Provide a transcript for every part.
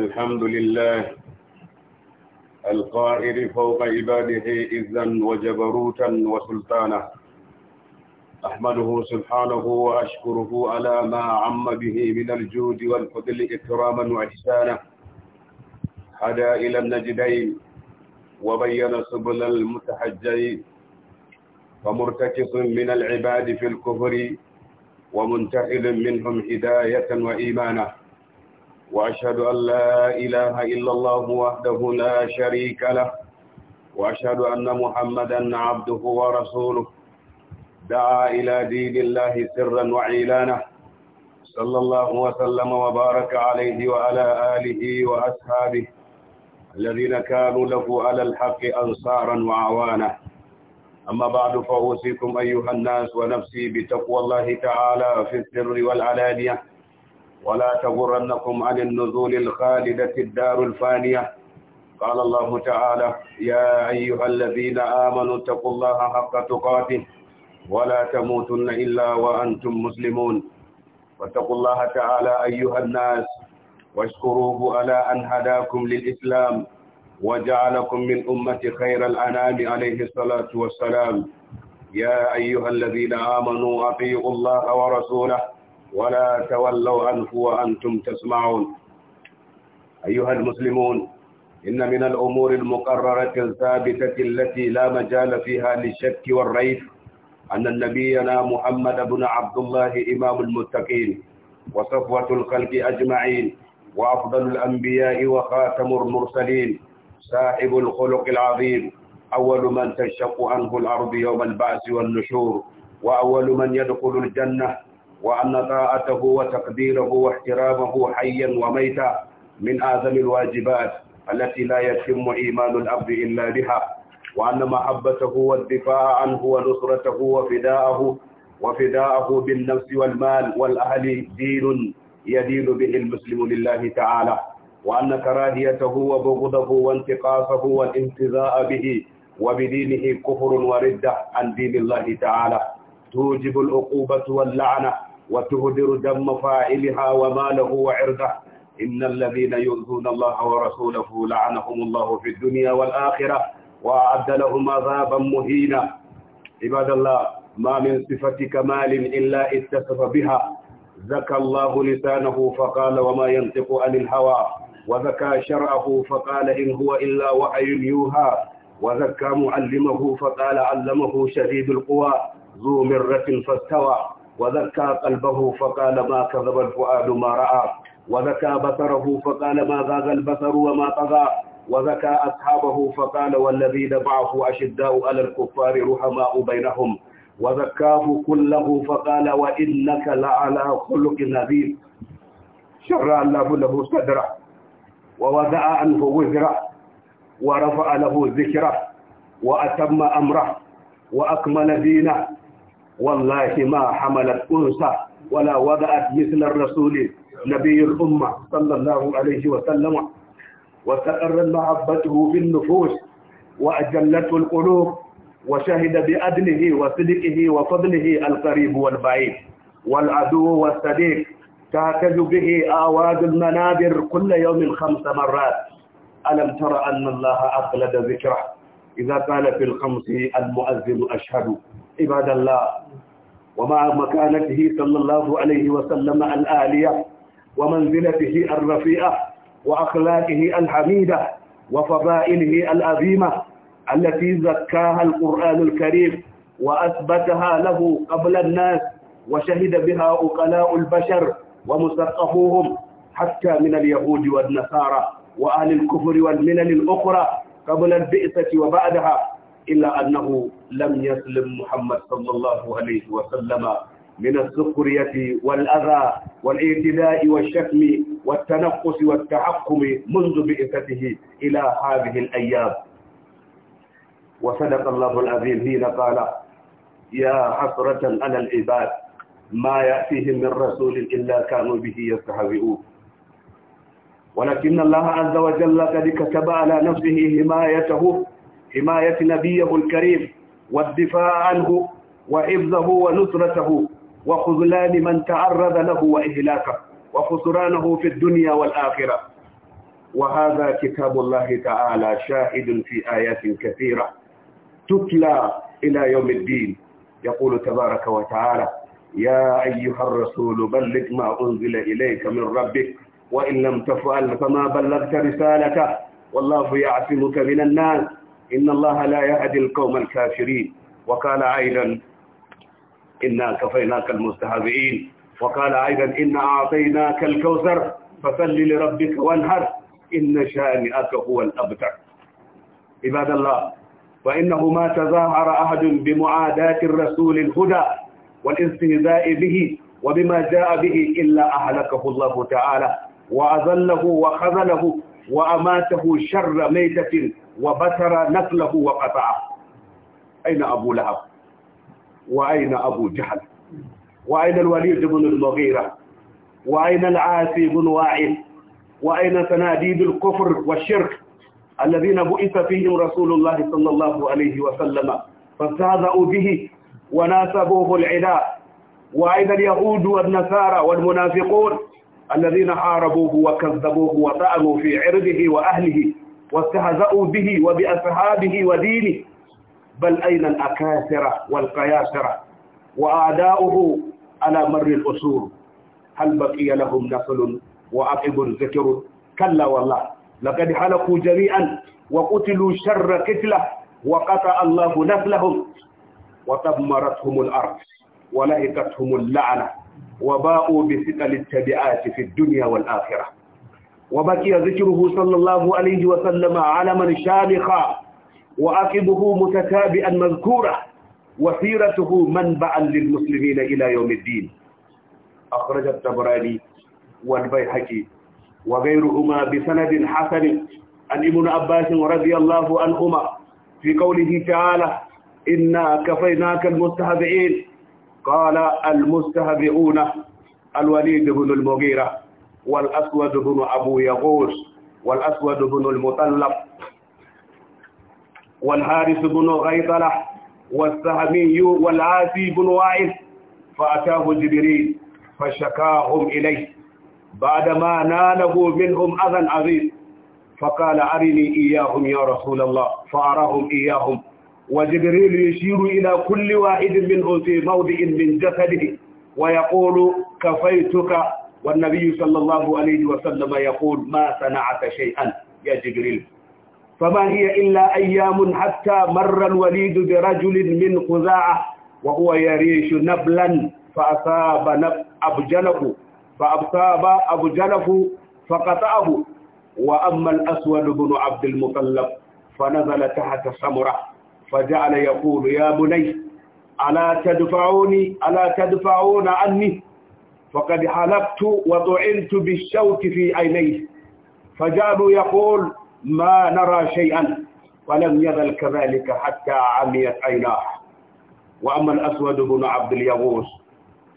الحمد لله القاهر فوق عباده إذا وجبروتا وسلطانا أحمده سبحانه وأشكره على ما عم به من الجود والفضل إكراما وإحسانا هدى إلى النجدين وبين سبل المتحجين فمرتكس من العباد في الكفر ومنتحل منهم هداية وإيمانا وأشهد أن لا إله إلا الله وحده لا شريك له وأشهد أن محمدا عبده ورسوله دعا إلى دين الله سرا وعيلانا صلى الله وسلم وبارك عليه وعلى آله وأصحابه الذين كانوا له على الحق أنصارا وعوانا أما بعد فأوصيكم أيها الناس ونفسي بتقوى الله تعالى في السر والعلانية ولا تغرنكم عن النزول الخالدة الدار الفانية قال الله تعالى يا أيها الذين آمنوا اتقوا الله حق تقاته ولا تموتن إلا وأنتم مسلمون واتقوا الله تعالى أيها الناس واشكروه على أن هداكم للإسلام وجعلكم من أمة خير الأنام عليه الصلاة والسلام يا أيها الذين آمنوا أطيعوا الله ورسوله ولا تولوا عنه وأنتم تسمعون أيها المسلمون إن من الأمور المقررة الثابتة التي لا مجال فيها للشك والريب أن نبينا محمد بن عبد الله إمام المتقين وصفوة الخلق أجمعين وأفضل الأنبياء وخاتم المرسلين صاحب الخلق العظيم أول من تشق عنه الأرض يوم البعث والنشور وأول من يدخل الجنة وأن طاعته وتقديره واحترامه حيا وميتا من أعظم الواجبات التي لا يتم إيمان الأب إلا بها وأن محبته والدفاع عنه ونصرته وفداءه وفداءه بالنفس والمال والأهل دين يدين به المسلم لله تعالى وأن كراهيته وبغضه وانتقاصه والانتزاء به وبدينه كفر وردة عن دين الله تعالى توجب العقوبة واللعنة وتهدر دم فاعلها وماله وعرضه إن الذين يؤذون الله ورسوله لعنهم الله في الدنيا والآخرة وأعد لهم عذابا مهينا عباد الله ما من صفة كمال إلا اتصف بها زكى الله لسانه فقال وما ينطق عن الهوى وذكى شرعه فقال إن هو إلا وحي يوحى وذكى معلمه فقال علمه شديد القوى ذو مرة فاستوى وذكى قلبه فقال ما كذب الفؤاد ما رأى وذكى بصره فقال ما زاغ البصر وما طغى وذكى أصحابه فقال والذين معه أشداء على الكفار رحماء بينهم وذكاه كله فقال وإنك لعلى خلق نذير شرع الله له صدره ووضع عنه وزره ورفع له ذكره وأتم أمره وأكمل دينه والله ما حملت أنثى ولا وضعت مثل الرسول نبي الأمة صلى الله عليه وسلم وسأرت محبته في النفوس وأجلته القلوب وشهد بأدله وصدقه وفضله القريب والبعيد والعدو والصديق تعتز به آواد المنابر كل يوم خمس مرات ألم تر أن الله أقلد ذكره إذا قال في الخمس المؤذن أشهد عباد الله ومع مكانته صلى الله عليه وسلم الآلية ومنزلته الرفيئة وأخلاقه الحميدة وفضائله العظيمة التي زكاها القرآن الكريم وأثبتها له قبل الناس وشهد بها أقلاء البشر ومثقفوهم حتى من اليهود والنصارى وأهل الكفر والملل الأخرى قبل البئسة وبعدها إلا أنه لم يسلم محمد صلى الله عليه وسلم من السخرية والأذى والاعتداء والشتم والتنقص والتحكم منذ بعثته إلى هذه الأيام وصدق الله العظيم حين قال يا حسرة على العباد ما يأتيهم من رسول إلا كانوا به يستهزئون ولكن الله عز وجل قد كتب على نفسه حمايته حماية نبيه الكريم والدفاع عنه وحفظه ونصرته وخذلان من تعرض له وإهلاكه وخسرانه في الدنيا والآخرة وهذا كتاب الله تعالى شاهد في آيات كثيرة تتلى إلى يوم الدين يقول تبارك وتعالى يا أيها الرسول بلغ ما أنزل إليك من ربك وإن لم تفعل فما بلغت رسالته والله يعصمك من الناس إن الله لا يهدي القوم الكافرين وقال أيضا إنا كفيناك المستهزئين وقال أيضا إنا أعطيناك الكوثر فصل لربك وانهر إن شانئك هو الأبتر عباد الله وإنه ما تظاهر أحد بمعاداة الرسول الهدى والاستهزاء به وبما جاء به إلا أهلكه الله تعالى وأذله وخذله وأماته شر ميتة وبتر نسله وقطعه أين أبو لهب وأين أبو جهل وأين الوليد بن المغيرة وأين العاسي بن واعل وأين تناديد الكفر والشرك الذين بعث فيهم رسول الله صلى الله عليه وسلم فاستهزأوا به وناسبوه العداء وأين اليهود والنصارى والمنافقون الذين حاربوه وكذبوه وطعنوا في عرضه وأهله واستهزأوا به وبأصحابه ودينه بل أين الأكاثرة والقياسرة وأعداؤه على مر الأصول هل بقي لهم نسل وعقب ذكر كلا والله لقد حلقوا جميعا وقتلوا شر كتلة وقطع الله نسلهم وطمرتهم الأرض ولهكتهم اللعنة وباءوا بثقل التبعات في الدنيا والآخرة وبكي ذكره صلى الله عليه وسلم علما شامخا وعقبه متتابئا مذكورا وسيرته منبعا للمسلمين إلى يوم الدين أخرج التبراني والبيحكي وغيرهما بسند حسن عن ابن عباس رضي الله عنهما في قوله تعالى إنا كفيناك المستهزئين قال المستهزئون الوليد بن المغيرة والأسود بن أبو يغوث والأسود بن المطلب والحارث بن غيطلة والسهمي والعاسي بن وائل فأتاه جبريل فشكاهم إليه بعدما ناله منهم أذى عظيم فقال أرني إياهم يا رسول الله فأراهم إياهم وجبريل يشير إلى كل واحد منهم في موضع من جسده ويقول كفيتك والنبي صلى الله عليه وسلم يقول ما صنعت شيئا يا جبريل فما هي إلا أيام حتى مر الوليد برجل من خزاعة وهو يريش نبلا فأصاب نب أبجنه فأصاب أبجنه فقطعه وأما الأسود بن عبد المطلب فنزل تحت سمرة فجعل يقول يا بني ألا تدفعوني ألا تدفعون عني فقد حلقت وطعنت بالشوك في عينيه فجاءوا يقول ما نرى شيئا ولم يزل كذلك حتى عميت عيناه وأما الأسود بن عبد اليغوث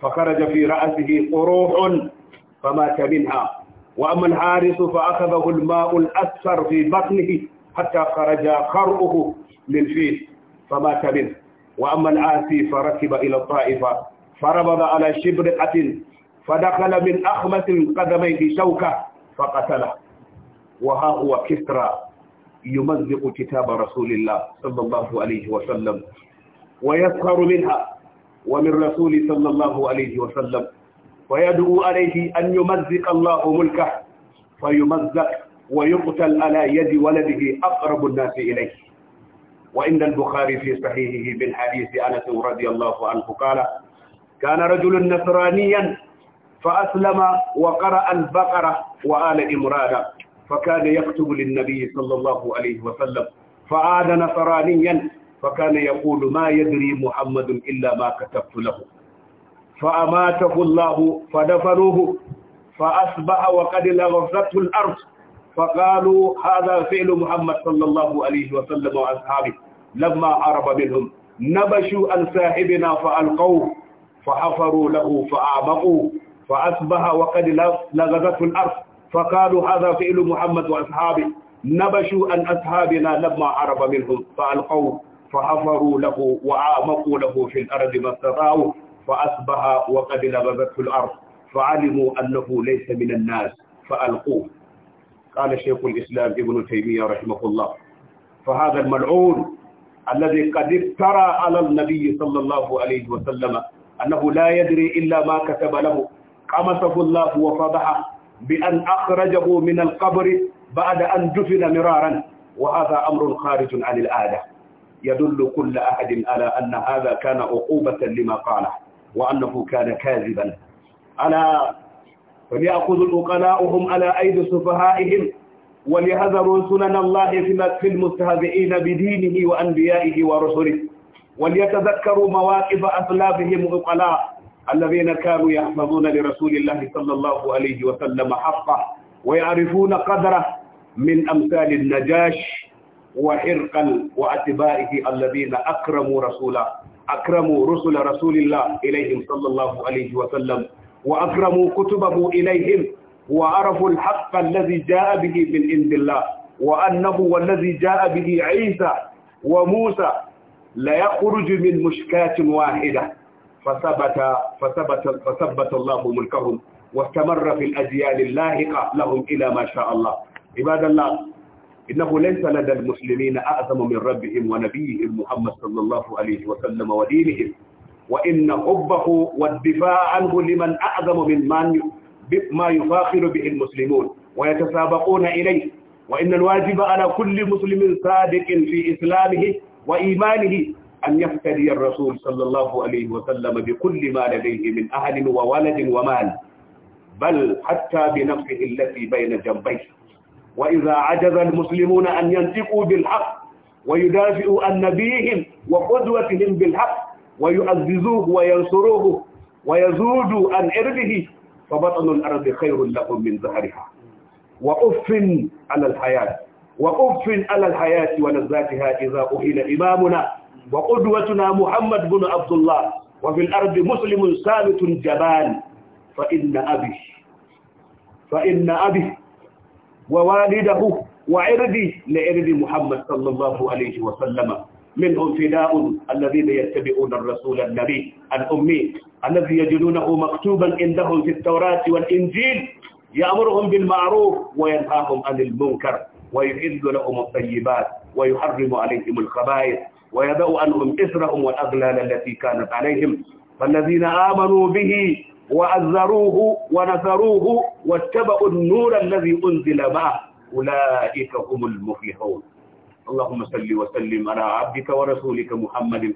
فخرج في رأسه قروح فمات منها وأما الحارس فأخذه الماء الأكثر في بطنه حتى خرج خرؤه للفيل فمات منه وأما الآسي فركب إلى الطائفة فربض على شبرقة فدخل من أخمس قدميه شوكة فقتله وها هو كسرى يمزق كتاب رسول الله صلى الله عليه وسلم ويسخر منها ومن رسول صلى الله عليه وسلم ويدعو عليه أن يمزق الله ملكه فيمزق ويقتل على يد ولده أقرب الناس إليه وإن البخاري في صحيحه من حديث أنس رضي الله عنه قال كان رجل نصرانيا فأسلم وقرأ البقرة وآل إمران فكان يكتب للنبي صلى الله عليه وسلم فعاد نصرانيا فكان يقول ما يدري محمد إلا ما كتبت له فأماته الله فدفنوه فأصبح وقد لغزته الأرض فقالوا هذا فعل محمد صلى الله عليه وسلم وأصحابه لما عرب منهم نبشوا عن صاحبنا فألقوه فحفروا له فأعمقوه فأصبح وقد لغزته الأرض فقالوا هذا فعل محمد وأصحابه نبشوا عن أصحابنا لما عرف منهم فألقوا فحفروا له وعمقوا له في الأرض ما استطاعوا فأصبح وقد لغزته الأرض فعلموا أنه ليس من الناس فألقوه قال شيخ الإسلام ابن تيمية رحمه الله فهذا الملعون الذي قد افترى على النبي صلى الله عليه وسلم أنه لا يدري إلا ما كتب له قمصه الله وفضحه بأن أخرجه من القبر بعد أن دفن مرارا وهذا أمر خارج عن العادة يدل كل أحد على أن هذا كان عقوبة لما قاله وأنه كان كاذبا على فليأخذ الأقلاؤهم على أيدي سفهائهم وليهذروا سنن الله في المستهزئين بدينه وأنبيائه ورسله وليتذكروا مواقف أسلافهم أقلاء الذين كانوا يحفظون لرسول الله صلى الله عليه وسلم حقه ويعرفون قدره من أمثال النجاش وحرقل وأتباعه الذين أكرموا رسوله أكرموا رسل رسول الله إليهم صلى الله عليه وسلم وأكرموا كتبه إليهم وعرفوا الحق الذي جاء به من عند الله وأنه والذي جاء به عيسى وموسى لا يخرج من مشكاة واحدة فثبت فثبت فثبت الله ملكهم واستمر في الأجيال اللاحقة لهم إلى ما شاء الله عباد الله إنه ليس لدى المسلمين أعظم من ربهم ونبيهم محمد صلى الله عليه وسلم ودينهم وإن حبه والدفاع عنه لمن أعظم من من ما يفاخر به المسلمون ويتسابقون إليه وإن الواجب على كل مسلم صادق في إسلامه وإيمانه أن يفتدي الرسول صلى الله عليه وسلم بكل ما لديه من أهل وولد ومال بل حتى بنفسه التي بين جنبيه وإذا عجز المسلمون أن ينطقوا بالحق ويدافعوا عن نبيهم وقدوتهم بالحق ويعززوه وينصروه ويزودوا عن عرضه فبطن الأرض خير لكم من ظهرها وأف على الحياة وأف على الحياة ولذاتها إذا أهل إمامنا وقدوتنا محمد بن عبد الله وفي الأرض مسلم ثابت جبان فإن أبي فإن أبي ووالده وعردي لعرض محمد صلى الله عليه وسلم منهم فداء الذين يتبعون الرسول النبي الأمي الذي يجدونه مكتوبا عندهم في التوراة والإنجيل يأمرهم بالمعروف وينهاهم عن المنكر ويحل لهم الطيبات ويحرم عليهم الخبائث ويدعو عنهم إسرهم والأغلال التي كانت عليهم فالذين آمنوا به وعذروه ونذروه واتبعوا النور الذي أنزل معه أولئك هم المفلحون اللهم صل وسلم على عبدك ورسولك محمد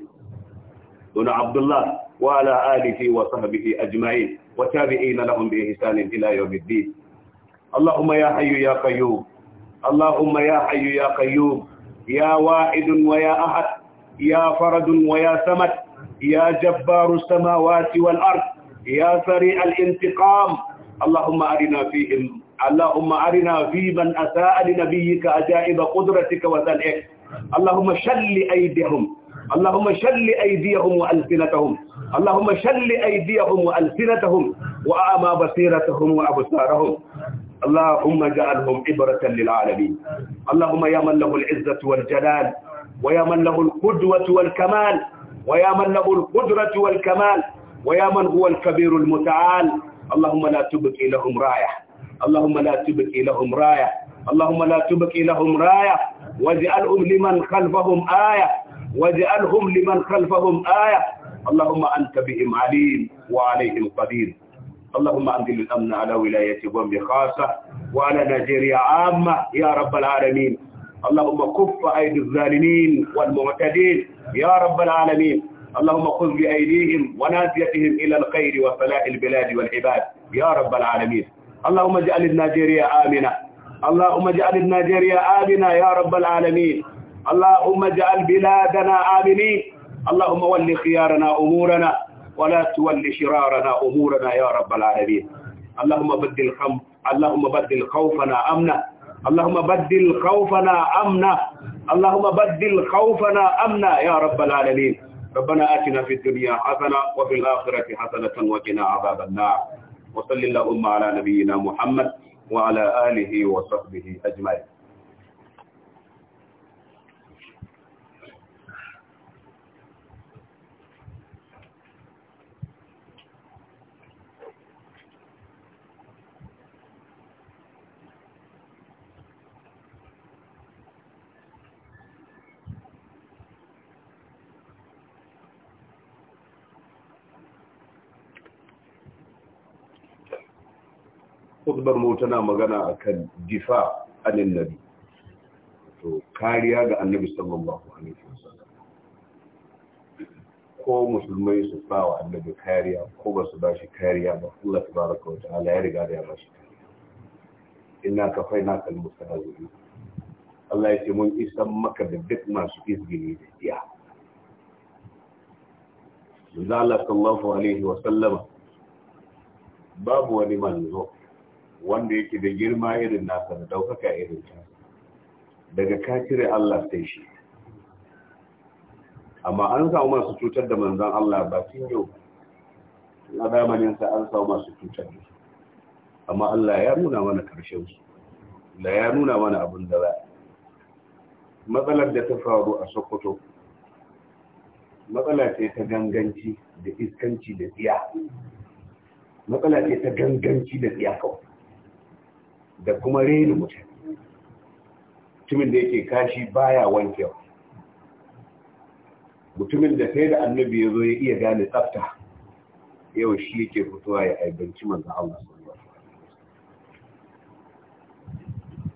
بن عبد الله وعلى آله وصحبه أجمعين وتابعين لهم بإحسان إلى يوم الدين اللهم يا حي يا قيوم اللهم يا حي يا قيوم يا واحد ويا أحد يا فرد ويا سمت يا جبار السماوات والأرض يا سريع الانتقام اللهم أرنا فيهم اللهم أرنا في من أساء لنبيك أجائب قدرتك وذلك اللهم شل أيديهم اللهم شل أيديهم وألسنتهم اللهم شل أيديهم وألسنتهم وأعمى بصيرتهم وأبصارهم اللهم اجعلهم عبرة للعالمين اللهم يا من له العزة والجلال ويا من له القدوة والكمال ويا من له القدرة والكمال ويا من هو الكبير المتعال اللهم لا تبقي لهم راية اللهم لا تبقي لهم راية اللهم لا تبقي لهم راية واجعلهم لمن خلفهم آية واجعلهم لمن خلفهم آية اللهم أنت بهم عليم وعليهم قدير اللهم أنزل الأمن على ولاية بومبي خاصة وعلى نيجيريا عامة يا رب العالمين اللهم كف أيدي الظالمين والمعتدين يا رب العالمين اللهم خذ بأيديهم ونازيتهم إلى الخير وفلاح البلاد والعباد يا رب العالمين اللهم اجعل النيجيريا آمنة اللهم اجعل النيجيريا آمنة يا رب العالمين اللهم اجعل بلادنا آمنين اللهم ول خيارنا أمورنا ولا تول شرارنا أمورنا يا رب العالمين اللهم بدل, اللهم بدل خوفنا أمنا اللهم بدل خوفنا أمنا اللهم بدل خوفنا أمنا يا رب العالمين ربنا آتنا في الدنيا حسنة وفي الآخرة حسنة وقنا عذاب النار وصل اللهم على نبينا محمد وعلى آله وصحبه أجمعين khutbar mu tana magana akan difa anin nabi to kariya ga annabi sallallahu alaihi wasallam ko musulmai su bawa annabi kariya ko ba su ba shi kariya ba Allah tabaraka wa ta'ala ya riga da ya ba shi kariya inna kafaina kal mustahzi'in Allah ya ce mun isan maka da duk masu izgini da iya Allah sallallahu alaihi wa sallama babu wani manzo wanda yake da girma irin nasa da ɗaukaka irin ta daga ka Allah sai shi amma an samu masu cutar da manzan Allah ba tun yau na zamaninsa an samu masu cutar da su amma Allah ya nuna mana karshen su da ya nuna mana abin da za matsalar da ta faru a sokoto matsala ce ta ganganci da iskanci da tsiya matsala ce ta ganganci da tsiya kawai da kuma reni mutane mutumin da yake kashi baya wankewa mutumin da sai da annabi ya zo ya iya gane tsafta yau shi yake fitowa ya aibanci manzo Allah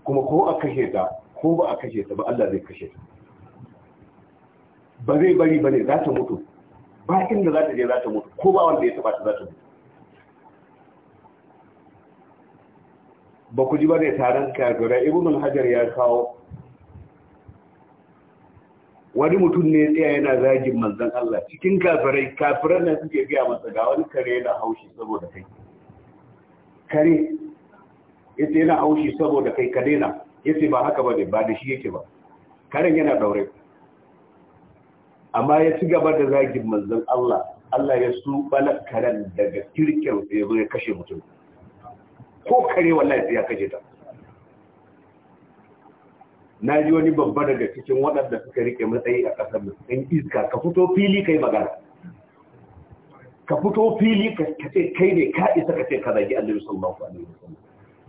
kuma ko a kashe ta ko ba a kashe ta ba Allah zai kashe ta ba zai bari bane za ta mutu ba inda za ta je za ta mutu ko ba wanda ya taba ta za ta mutu ba ku ji ba ne taron kafirai ibn hajar ya kawo wani mutum ne tsaya yana zagin manzan Allah cikin kafirai kafiran nan suke biya masa ga wani kare yana haushi saboda kai kare yace yana haushi saboda kai ka daina yace ba haka ba ne, ba da shi yake ba karen yana daure amma ya ci gaba da zagin manzan Allah Allah ya su bala daga kirkin sai ya kashe mutum ko kare wallahi sai ya kashe ta na ji wani babba daga cikin waɗanda suka rike matsayi a ƙasar nan in iska ka fito fili kai magana ka fito fili ka ce kai ne ka isa ka ce ka zagi Allah sallallahu alaihi wasallam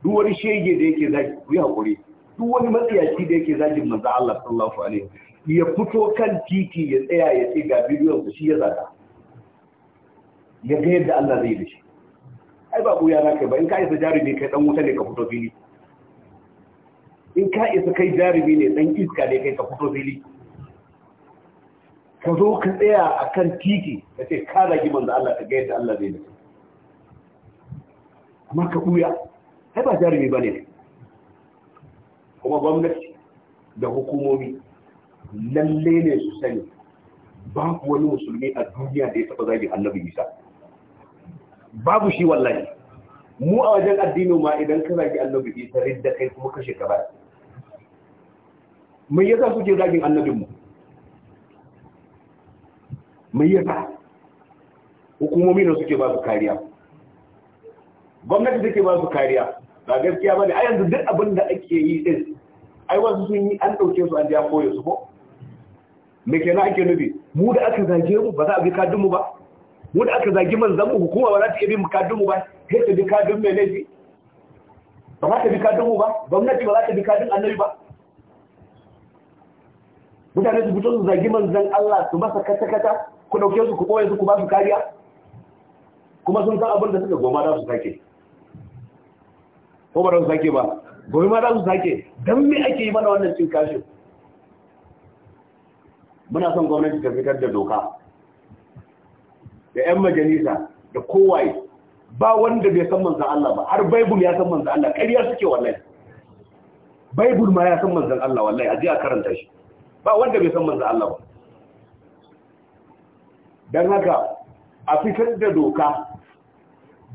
duk wani shege da yake zagi ku yi hakuri duk wani matsayaci da yake zagi manzo Allah sallallahu alaihi ya fito kan titi ya tsaya ya ce ga bidiyon shi ya zaga ya ga yadda Allah zai yi shi ai ba buya na kai ba in ka isa jarumi kai dan wuta ne ka fito fili in ka isa kai jarumi ne dan iska ne kai ka fito fili ka zo ka tsaya a kan titi ka ce ka zagi manzo Allah ka ga yadda Allah zai da amma ka buya ai ba jarumi ba ne kuma gwamnati da hukumomi lalle ne su sani ba wani musulmi a duniya da ya taɓa zagi annabi isa babu shi wallahi mu a wajen addinin ma idan ka zagi annabi isa ridda kai kuma kashe ka ba mai yasa suke zagin annabin mu mai yasa hukumomi ne suke ba su kariya gwamnati take ba su kariya ba gaskiya ba ne a yanzu duk abin da ake yi din ai wasu sun yi an ɗauke su an ja koyo su ko me kenan ake nufi mu da aka zage mu ba za a bi kadin mu ba mu da aka zagi manzan mu hukuma ba za ta iya bin kadun mu ba sai ta bi kadin mai laifi ba za ta bi kadun mu ba gwamnati ba za ta bi kadin annabi ba mutane su fito su zagi manzan Allah su masa kata-kata ku dauke su ku ɓoye su ku ba su kariya kuma sun san abin da suka goma za su sake ko ba za su sake ba gobe ma za su sake don me ake yi mana wannan cin kashin muna son gwamnati ta fitar da doka da 'yan majalisa da kowaye ba wanda bai san manzan Allah ba har baibul ya san manzan Allah ƙarya suke wallahi baibul ma ya san manzan Allah wallahi a jiya a karanta shi ba wanda bai san manzan Allah ba don haka a fitar da doka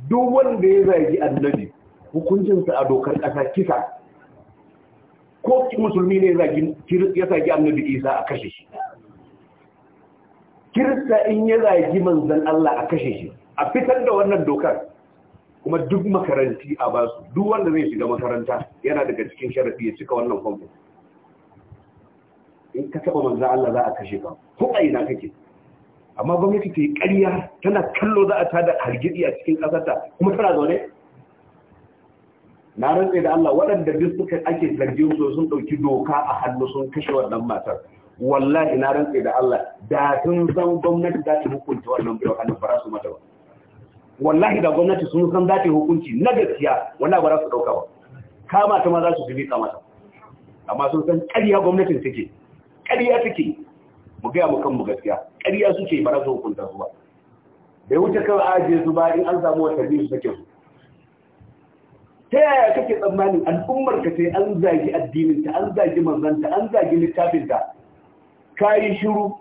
duk wanda ya zagi annabi hukuncinsa a dokar ƙasa kisa ko musulmi ne ya zagi annabi isa a kashe shi kirista in ya zagi manzan Allah a kashe shi a fitar da wannan dokar kuma duk makaranti a basu duk wanda zai shiga makaranta yana daga cikin sharafi ya cika wannan famfo in ka taba manzan Allah za a kashe ka ko a ina kake amma gwamnati ta yi ƙarya tana kallo za a ta da hargitsi a cikin ƙasarta kuma tana zaune na rantse da Allah waɗanda duk suka ake zargin su sun ɗauki doka a hannu sun kashe wannan matar wallahi na rantse da Allah da sun san gwamnati za ta hukunta wannan biyo kan ba su mata wallahi da gwamnati sun san za ta hukunci na gaskiya wallahi ba za su dauka ba kama ta ma za su jibi kama amma sun san ƙarya gwamnatin take ƙarya take mu ga mu kan mu gaskiya ƙarya suke ba za su hukunta su ba bai wuce kan aje su ba in an samu wata biyu su take su ta yaya kake tsammanin al'ummar ka sai an zagi addininta an zagi manzanta an zagi littafinta ka yi shiru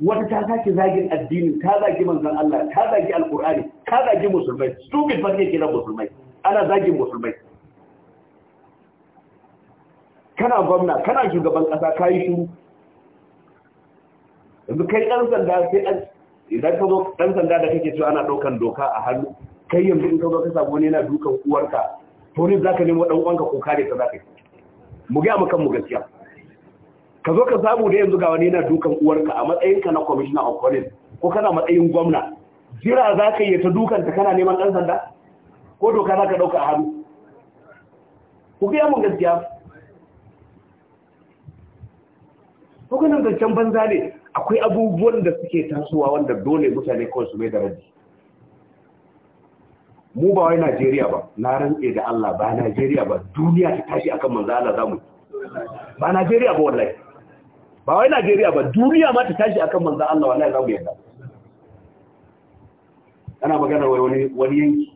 wata ta sake zagin addinin ta zagi manzan Allah ta zagi alkur'ani ta zagi musulmai stupid ba ne ke nan musulmai ana zagin musulmai kana gwamna kana shugaban kasa ka yi shiru yanzu kai ɗan sanda sai an idan ka zo ɗan sanda da kake cewa ana ɗaukan doka a hannu kai yanzu in ka zo ka samu wani yana dukan uwarka to ne za ka nemo dan uwanka ko kare ka za ka yi mu ga mu kan mu gaskiya ka zo ka samu da yanzu ga wani yana dukan uwarka a matsayinka na commissioner of police ko kana matsayin gwamna jira za ka yi ta dukanta kana neman ɗan sanda ko doka za ka ɗauka a hannu ku biya mun gaskiya hukunan zancen banza ne akwai abubuwan da suke tasowa wanda dole mutane kawai su mai daraji. mu ba wai najeriya ba na rantse da allah ba najeriya ba duniya ta tashi akan manzo allah zamu ba najeriya ba wallahi ba wai Najeriya ba duniya ma ta tashi akan manzon Allah wallahi za mu yarda ana magana wai wani wani yanki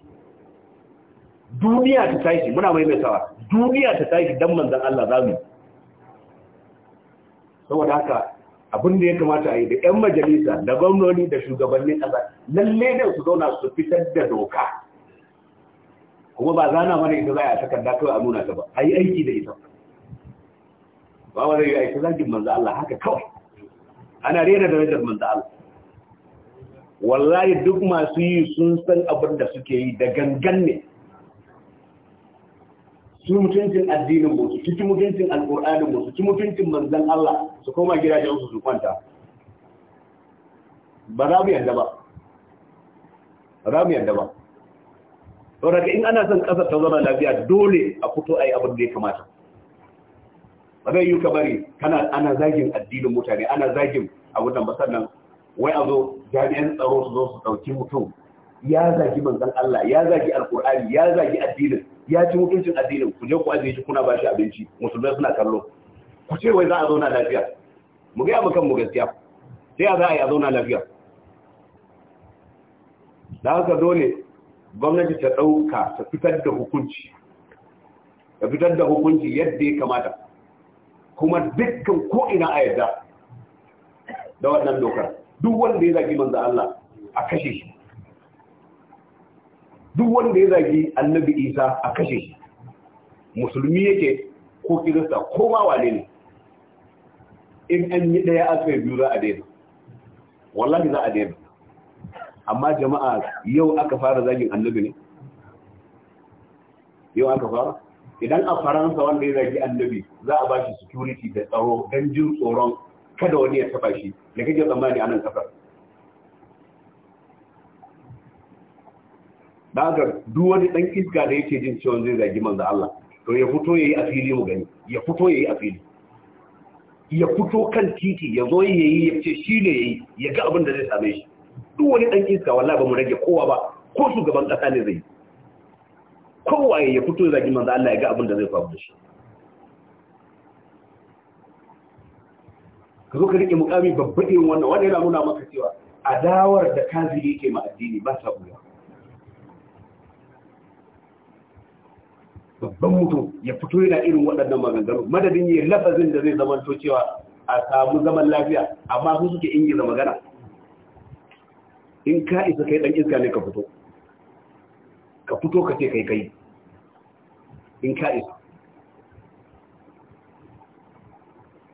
duniya ta tashi muna maimaitawa duniya ta tashi dan manzon Allah za mu saboda haka abin da ya kamata a yi da ƴan majalisa da gwamnoni da shugabannin ƙasa lalle ne su zauna su fitar da doka kuma ba zana mana ita za a takarda kawai a nuna ta ba a yi aiki da ita ba wani ya aiki zagin manzo Allah haka kawai ana rena darajar manzo Allah wallahi duk masu yi sun san abin da suke yi da gangan ne su mutuncin addinin musu cikin mutuncin alƙur'anin musu cikin mutuncin manzan Allah su koma gidajen su su kwanta ba za mu yadda ba ba za mu yadda ba saboda in ana son ƙasar ta zama lafiya dole a fito a yi abin da ya kamata ba zai yi ka bari kana ana zagin addinin mutane ana zagin a wannan ba sannan wai a zo jami'an tsaro su zo su ɗauki mutum ya zagi manzan Allah ya zagi alkur'ani ya zagi addinin ya ci mutuncin addinin ku je ku ajiye shi kuna ba shi abinci musulmai suna kallo ku ce wai za a zauna lafiya mu ga mukan kan mu gaskiya sai a za a yi a zauna lafiya da haka dole gwamnati ta ɗauka ta fitar da hukunci ta fitar da hukunci yadda ya kamata kuma dukkan ko ina a yadda da wannan dokar duk wanda ya zagi manzo Allah a kashe shi duk wanda ya zagi annabi Isa a kashe shi musulmi yake ko kirista ko ma wane ne in an yi daya tsaye biyu za a daina wallahi za a daina amma jama'a yau aka fara zagin annabi ne yau aka fara idan a faransa wanda ya zagi annabi za a bashi security da tsaro don jin tsoron kada wani ya taba shi da kake tsammani a nan kasar dagar duk wani dan iska da yake jin cewa zai zagi manzo Allah to ya fito yayi a fili mu gani ya fito yayi a fili ya fito kan titi ya zo yayi ya ce shi ne yayi ya ga abin da zai same shi duk wani dan iska wallahi ba mu rage kowa ba ko shugaban kasa ne zai kowaye ya fito zagi manzo Allah ya ga abin da zai faru da shi ka zo ka rike mukami babba irin wannan wanda yana nuna maka cewa adawar da kaziri yake ma addini ba ta buya babban mutum ya fito yana irin waɗannan maganganu madadin ya lafazin da zai zamanto cewa a samu zaman lafiya amma su suke ingiza magana in ka isa kai dan iska ne ka fito ka fito ka ce kai kai in ka isa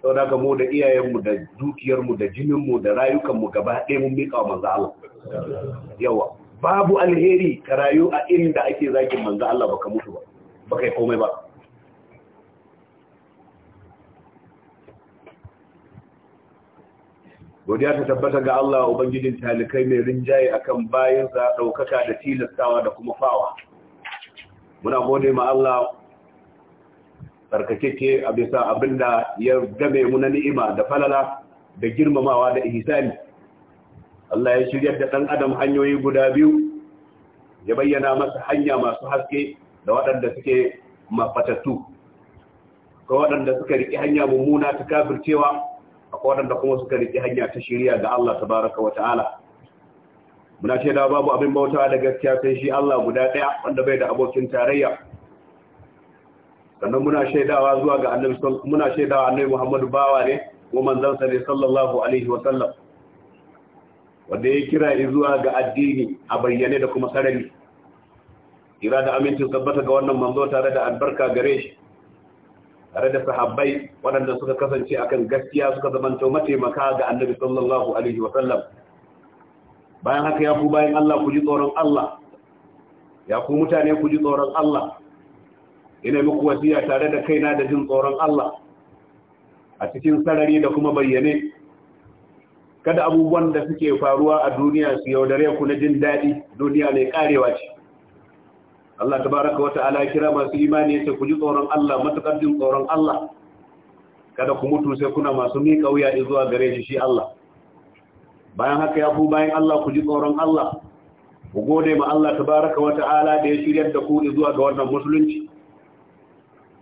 sau da mu da iyayenmu da dukiyarmu da jininmu da rayukanmu gaba ɗaya mun miƙa manzo Allah yawa babu alheri ka rayu a inda ake zakin manza Allah baka mutu ba baka yi komai ba godiya ta tabbata ga Allah ubangijin talikai mai rinjaye akan bayansa ɗaukaka da tilastawa da kuma fawa muna gode ma Allah tsarkakeke a bisa abinda ya game mu na ni'ima da falala da girmamawa da ihsani Allah ya shiryar da ɗan adam hanyoyi guda biyu ya bayyana masa hanya masu haske da waɗanda suke mafatattu ko waɗanda suka riƙe hanya mummuna ta kafircewa akwai waɗanda kuma suka riƙe hanya ta shirya ga Allah tabaraka wa ta'ala muna ce da babu abin bautawa da gaskiya sai shi Allah guda ɗaya wanda bai da abokin tarayya sannan muna shaidawa zuwa ga annabi muna shaidawa annabi Muhammadu bawa ne kuma manzon sa ne sallallahu alaihi wa sallam wanda ya kira zuwa ga addini a bayyane da kuma sarari ira da amincin tabbata ga wannan manzo tare da albarka gare shi tare da sahabbai waɗanda suka kasance akan gaskiya suka zamanta mataimaka ga annabi sallallahu alaihi wasallam bayan haka ya ku bayan Allah ku ji tsoron Allah ya ku mutane ku ji tsoron Allah ina muku wasiya tare da kaina da jin tsoron Allah a cikin sarari da kuma bayyane kada abubuwan da suke faruwa a duniya su yaudare ku na jin daɗi duniya mai karewa ce Allah tabaraka wa ta'ala kira masu imani ce ku ji tsoron Allah matukar jin tsoron Allah kada ku mutu sai kuna masu miƙa wuya zuwa gare shi shi Allah bayan haka ya ku bayan Allah ku ji tsoron Allah ku gode ma Allah tabaraka wa ta'ala da ya shiryar da ku zuwa ga wannan musulunci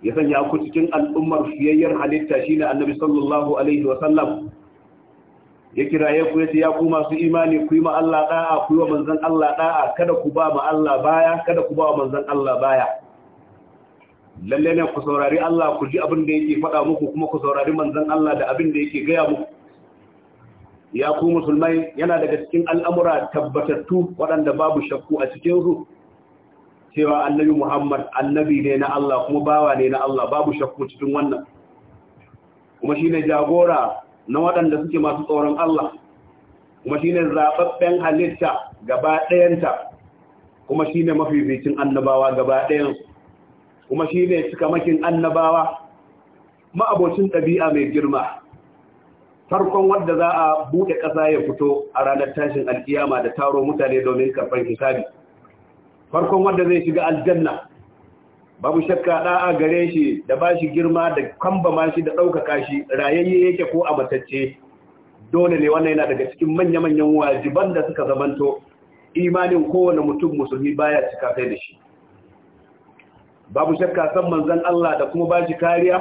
ya sanya ku cikin al'ummar fiyayyar halitta shi shine annabi sallallahu alaihi wa sallam ya kiraye ku yace ya ku masu imani ku yi ma Allah da'a ku yi wa manzon Allah da'a kada ku ba ma Allah baya kada ku ba wa manzon Allah baya lalle ne ku saurari Allah ku ji abin da yake faɗa muku kuma ku saurari manzon Allah da abin da yake gaya muku ya ku musulmai yana daga cikin al'amura tabbatattu waɗanda babu shakku a cikin su cewa annabi Muhammad annabi ne na Allah kuma bawa ne na Allah babu shakku cikin wannan kuma shine jagora na waɗanda suke masu tsoron Allah kuma shine zababben halitta gaba ɗayanta kuma shine mafificin annabawa gaba ɗayan kuma shine cikamakin annabawa ma'abocin ɗabi'a mai girma farkon wanda za a buɗe ƙasa ya fito a ranar tashin alkiyama da taro mutane domin karɓar hisabi farkon wanda zai shiga aljanna babu shakka da'a gare shi da ba shi girma da kambama shi da ɗaukaka shi rayayye yake ko a matacce dole ne wannan yana daga cikin manya-manyan wajiban da suka zamanto imanin kowane mutum musulmi baya cika kai da shi babu shakka san manzon Allah da kuma ba shi kariya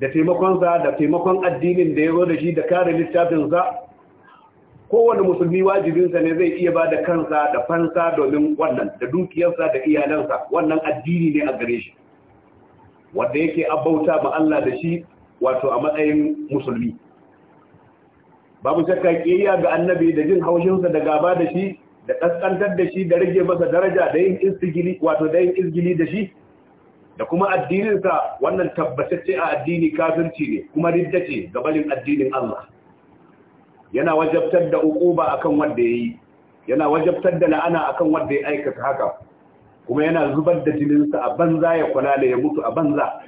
da taimakonsa da taimakon addinin da ya zo da shi da kare littafinsa kowane musulmi wajibinsa ne zai iya ba da kansa da fansa domin wannan da dukiyarsa da iyalansa wannan addini ne a gare shi wanda yake abauta ma Allah da shi wato a matsayin musulmi babu shakka kiyayya ga annabi da jin haushinsa da gaba da shi da kaskantar da shi da rage masa daraja da yin isgili wato da yin isgili da shi da kuma addininsa wannan tabbatacce a addini kafirci ne kuma riddace gabarin addinin Allah yana wajabtar da uquba akan wanda yayi yana wajabtar da la'ana akan wanda ya aikata haka kuma yana zubar da jininsa a banza ya kwalale ya mutu a banza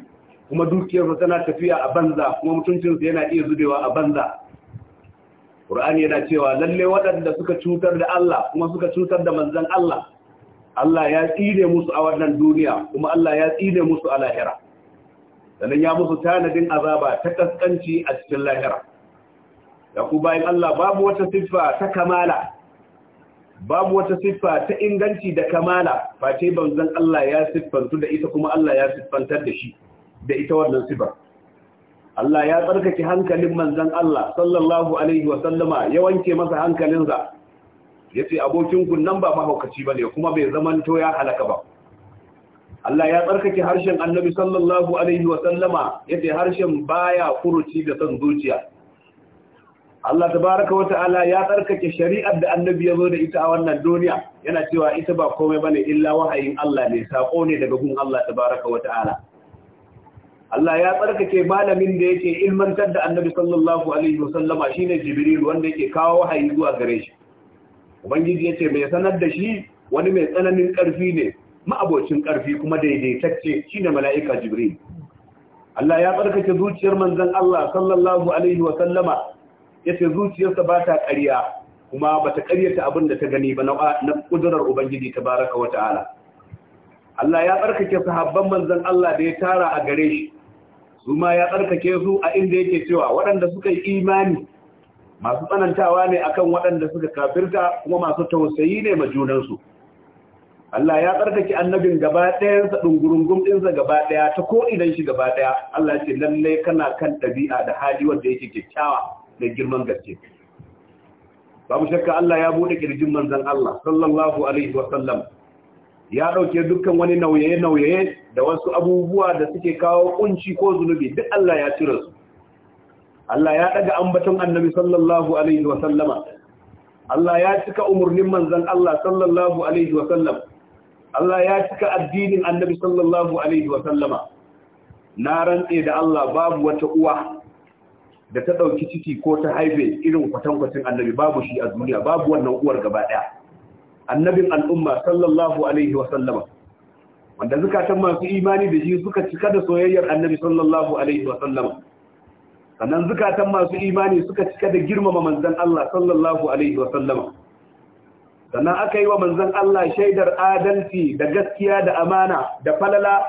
kuma dukiyarsa tana tafiya a banza kuma mutuncinsa yana iya zubewa a banza Qur'ani yana cewa lalle waɗanda suka cutar da Allah kuma suka cutar da manzon Allah Allah ya tsire musu a wannan duniya kuma Allah ya tsire musu a lahira sannan ya musu tanadin azaba ta kaskanci a cikin lahira ya ku bayan Allah babu wata siffa ta kamala babu wata siffa ta inganci da kamala face banzan Allah ya siffantu da ita kuma Allah ya siffantar da shi da ita wannan siffa. Allah ya tsarkake hankalin manzan Allah sallallahu alaihi wa sallama ya wanke masa hankalinsa yace abokin ku nan ba mahaukaci bane kuma bai zamanto ya halaka ba Allah ya tsarkake harshen Annabi sallallahu alaihi wa sallama yace harshen baya furuci da san zuciya Allah tabaraka wa ta'ala ya tsarkake shari'ar da annabi ya zo da ita a wannan duniya yana cewa ita ba komai bane illa wahayin Allah ne sako ne daga gun Allah tabaraka wa ta'ala Allah ya tsarkake malamin da yake ilmantar da annabi sallallahu alaihi wasallama shine Jibril wanda yake kawo wahayi zuwa gare shi Ubangiji ya ce mai sanar da shi wani mai tsananin ƙarfi ne ma'abocin ƙarfi kuma daidaitacce shine mala'ika Jibril Allah ya tsarkake zuciyar manzon Allah sallallahu alaihi wasallama ya zuciyarsa ba ta ƙarya kuma ba ta ƙaryata abin da ta gani ba na ƙudurar ubangiji ta baraka wa ta'ala Allah ya tsarkake sahabban manzan Allah da ya tara a gare shi su ma ya tsarkake su a inda yake cewa waɗanda suka yi imani masu tsanantawa ne akan waɗanda suka kafirta kuma masu tausayi ne ma junansu Allah ya tsarkake annabin gaba ɗayansa ɗungurungun ɗinsa gaba ɗaya ta ko idan shi gaba ɗaya Allah ce lallai kana kan ɗabi'a da hali wanda yake kyakkyawa da girman gaske babu shakka Allah ya bude kirjin manzon Allah sallallahu alaihi wa sallam, ya dauke dukkan wani nauye nauye da wasu abubuwa da suke kawo kunci ko zunubi duk Allah ya cire su Allah ya daga ambaton annabi sallallahu alaihi wa sallama. Allah ya cika umurnin manzon Allah sallallahu alaihi wa sallam. Allah ya cika addinin annabi sallallahu alaihi wa sallama. na rantse da Allah babu wata uwa da ta ɗauki ciki ko ta haife irin kwatankwacin annabi babu shi a duniya babu wannan uwar gaba ɗaya annabin al'umma sallallahu alaihi wasallama wanda zukatan masu imani da shi suka cika da soyayyar annabi sallallahu alaihi wasallama sannan zukatan masu imani suka cika da girmama manzan Allah sallallahu alaihi wasallama sannan aka yi wa manzan Allah shaidar adalci da gaskiya da amana da falala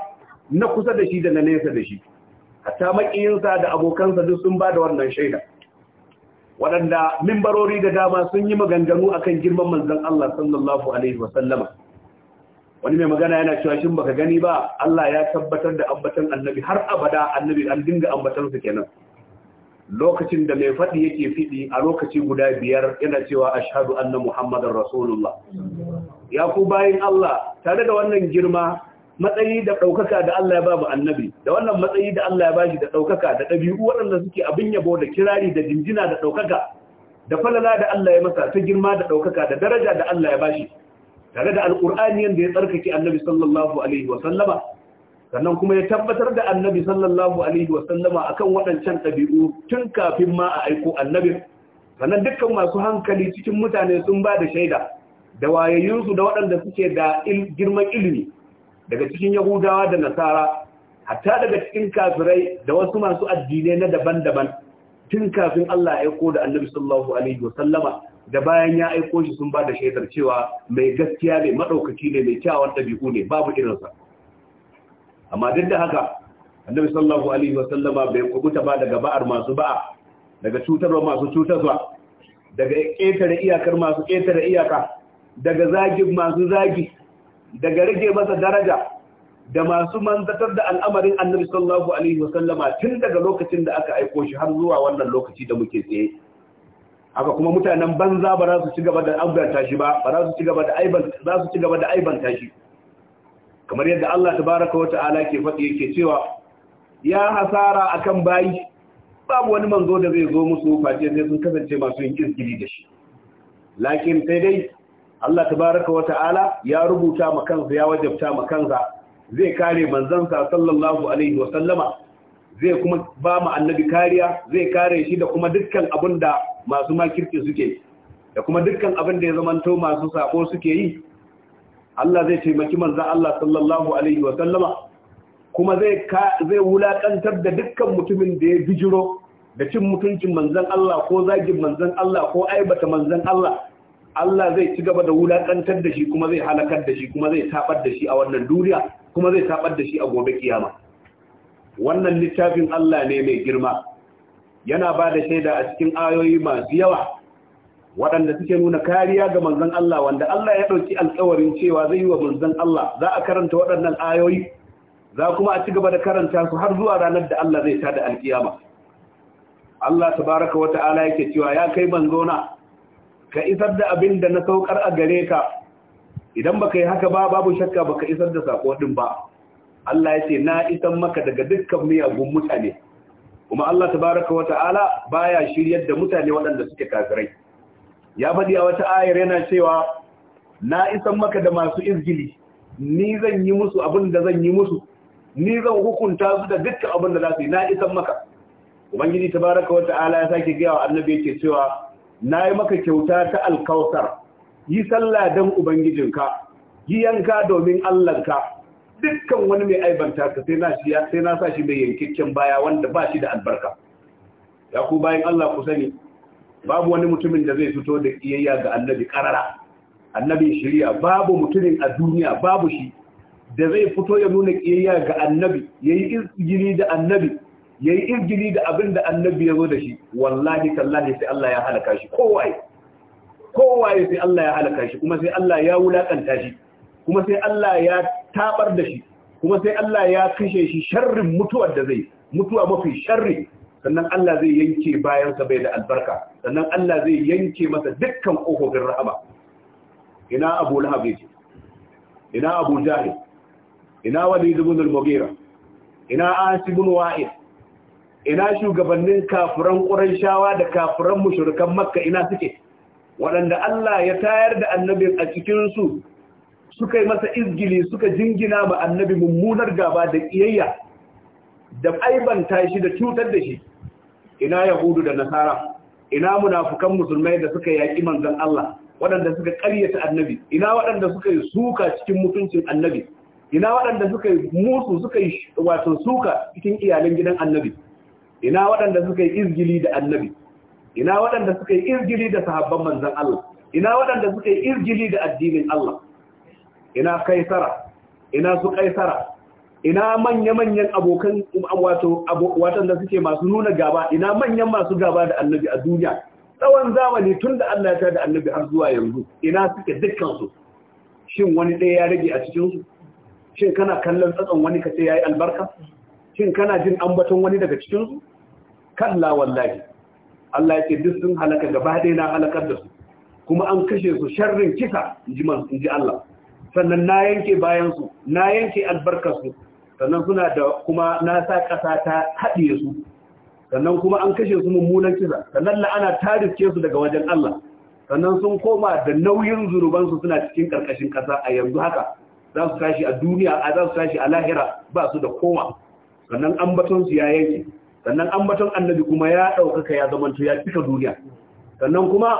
na kusa da shi da na nesa da shi ta makiyinsa da abokansa duk sun ba da wannan shaida waɗanda mimbarori da dama sun yi maganganu kan girman manzon Allah sallallahu alaihi wasallama wani mai magana yana cewa shin baka gani ba Allah ya tabbatar da ambatan annabi har abada annabi an dinga ambatansa kenan lokacin da mai faɗi yake fiɗi a lokaci guda biyar yana cewa ashadu anna muhammadar rasulullah ya ku bayin Allah tare da wannan girma matsayi da ɗaukaka da Allah ya ba annabi da wannan matsayi da Allah ya ba shi da ɗaukaka da ɗabi'u waɗanda suke abin yabo da kirari da jinjina da ɗaukaka da falala da Allah ya masa ta girma da ɗaukaka da daraja da Allah ya ba shi tare da alƙur'ani yadda ya tsarkake annabi sallallahu alaihi wa sallama sannan kuma ya tabbatar da annabi sallallahu alaihi wa sallama akan waɗancan ɗabi'u tun kafin ma a aiko annabi sannan dukkan masu hankali cikin mutane sun ba da shaida da wayayyunsu da waɗanda suke da girman ilimi daga cikin yahudawa da nasara hatta daga cikin kafirai da wasu masu addinai na daban-daban tun kafin Allah ya aiko da annabi sallallahu alaihi wa sallama da bayan ya aiko shi sun ba da shaidar cewa mai gaskiya ne madaukaki ne mai kyawun dabi'u ne babu irinsa amma duk da haka annabi sallallahu alaihi wa sallama bai kubuta ba daga ba'ar masu ba'a daga cutarwa masu cutarwa daga ƙetare iyakar masu ƙetare iyaka daga zagin masu zagi daga rage masa daraja da masu manzatar da al'amarin annabi sallallahu alaihi wasallama tun daga lokacin da aka aiko shi har zuwa wannan lokaci da muke tsaye haka kuma mutanen banza ba za su ci gaba da aibanta shi ba ba za su ci gaba da aiban za su ci gaba da aibanta shi kamar yadda Allah tabaraka wata'ala ke faɗi yake cewa ya hasara akan bayi babu wani manzo da zai zo musu face sai sun kasance masu yin kirkiri da shi lakin sai dai Allah tabaraka wa ta'ala ya rubuta ma kansa ya wajabta ma kansa zai kare manzansa sallallahu alaihi wa sallama zai kuma ba mu annabi kariya zai kare shi da kuma dukkan abin da masu makirci suke da kuma dukkan abin da ya zamanto masu sako suke yi Allah zai taimaki manzon Allah sallallahu alaihi wa sallama kuma zai zai wulakantar da dukkan mutumin da ya bijiro da cin mutuncin manzan Allah ko zagin manzan Allah ko aibata manzan Allah Allah zai ci gaba da wulaƙantar da shi kuma zai halakar da shi kuma zai tabar da shi a wannan duniya kuma zai tabar da shi a gobe kiyama wannan littafin Allah ne mai girma yana ba da shaida a cikin ayoyi masu yawa waɗanda suke nuna kariya ga manzon Allah wanda Allah ya ɗauki alƙawarin cewa zai yi wa manzon Allah za a karanta waɗannan ayoyi za kuma a ci gaba da karanta su har zuwa ranar da Allah zai tada alƙiyama Allah tabaraka wata ala yake cewa ya kai manzona ka isar da abin da na saukar a gare ka idan baka yi haka ba babu shakka ba ka isar da sako din ba Allah ya ce na isan maka daga dukkan miyagun mutane kuma Allah tabaraka wa ta'ala baya shiryar da mutane waɗanda suke kafirai ya faɗi a wata ayar yana cewa na isan maka da masu izgili ni zan yi musu abin da zan yi musu ni zan hukunta su da dukkan abin da za su yi na isan maka ubangiji tabaraka wa ta'ala ya sake gaya wa annabi yake cewa na yi maka kyauta ta alkawtar yi sallah don ubangijinka yi yanka domin allanka, dukkan wani mai aibanta ka sai na shi sai na sa shi mai yankakken baya wanda ba shi da albarka ya ku bayan Allah ku sani babu wani mutumin da zai fito da kiyayya ga annabi karara annabin shari'a babu mutumin a duniya babu shi da zai fito ya nuna kiyayya ga annabi yayi izgiri da annabi yayi izgili da abin da annabi ya zo da shi wallahi tallahi sai Allah ya halaka shi kowaye kowaye sai Allah ya halaka shi kuma sai Allah ya wulakanta shi kuma sai Allah ya tabar da shi kuma sai Allah ya kashe shi sharrin mutuwar da zai mutuwa mafi sharri sannan Allah zai yanke bayansa bai da albarka sannan Allah zai yanke masa dukkan ƙofofin rahama ina Abu Lahab yake ina Abu Jahil ina Walid ibn al-Mughira ina Asib ibn Wa'il ina shugabannin kafuran ƙurayshawa da kafuran mushrikan makka ina suke waɗanda Allah ya tayar da annabin a cikinsu suka yi masa izgili suka jingina ma annabi mummunar gaba da iyayya da aibanta shi da cutar da shi ina yahudu da nasara ina munafukan musulmai da suka yaki manzon Allah waɗanda suka ƙaryata annabi ina waɗanda suka yi suka cikin mutuncin annabi ina waɗanda suka yi musu suka yi wato suka cikin iyalan gidan annabi ina waɗanda suka yi izgili da annabi ina waɗanda suka yi izgili da sahabban manzan Allah ina waɗanda suka yi izgili da addinin Allah ina kaisara ina su kaisara ina manya-manyan abokan wato waɗanda suke masu nuna gaba ina manyan masu gaba da annabi a duniya tsawon zamani tun da Allah ya da annabi har zuwa yanzu ina suke dukkansu shin wani ɗaya ya rage a cikinsu shin kana kallon tsatson wani ka ce ya yi albarka shin kana jin ambaton wani daga cikinsu kalla wallahi Allah yake duk sun halaka gaba ɗaya na halakar da su kuma an kashe su sharrin kisa in ji Allah sannan na yanke bayan su na yanke albarkar su sannan suna da kuma na sa ƙasa ta haɗiye su sannan kuma an kashe su mummunan kisa sannan la'ana ta riske su daga wajen Allah sannan sun koma da nauyin zunubansu suna cikin karkashin ƙasa a yanzu haka za su tashi a duniya a za su tashi a lahira ba su da kowa sannan ambaton su ya yanke sannan ambaton annabi kuma ya ɗaukaka ya zamanto ya cika duniya sannan kuma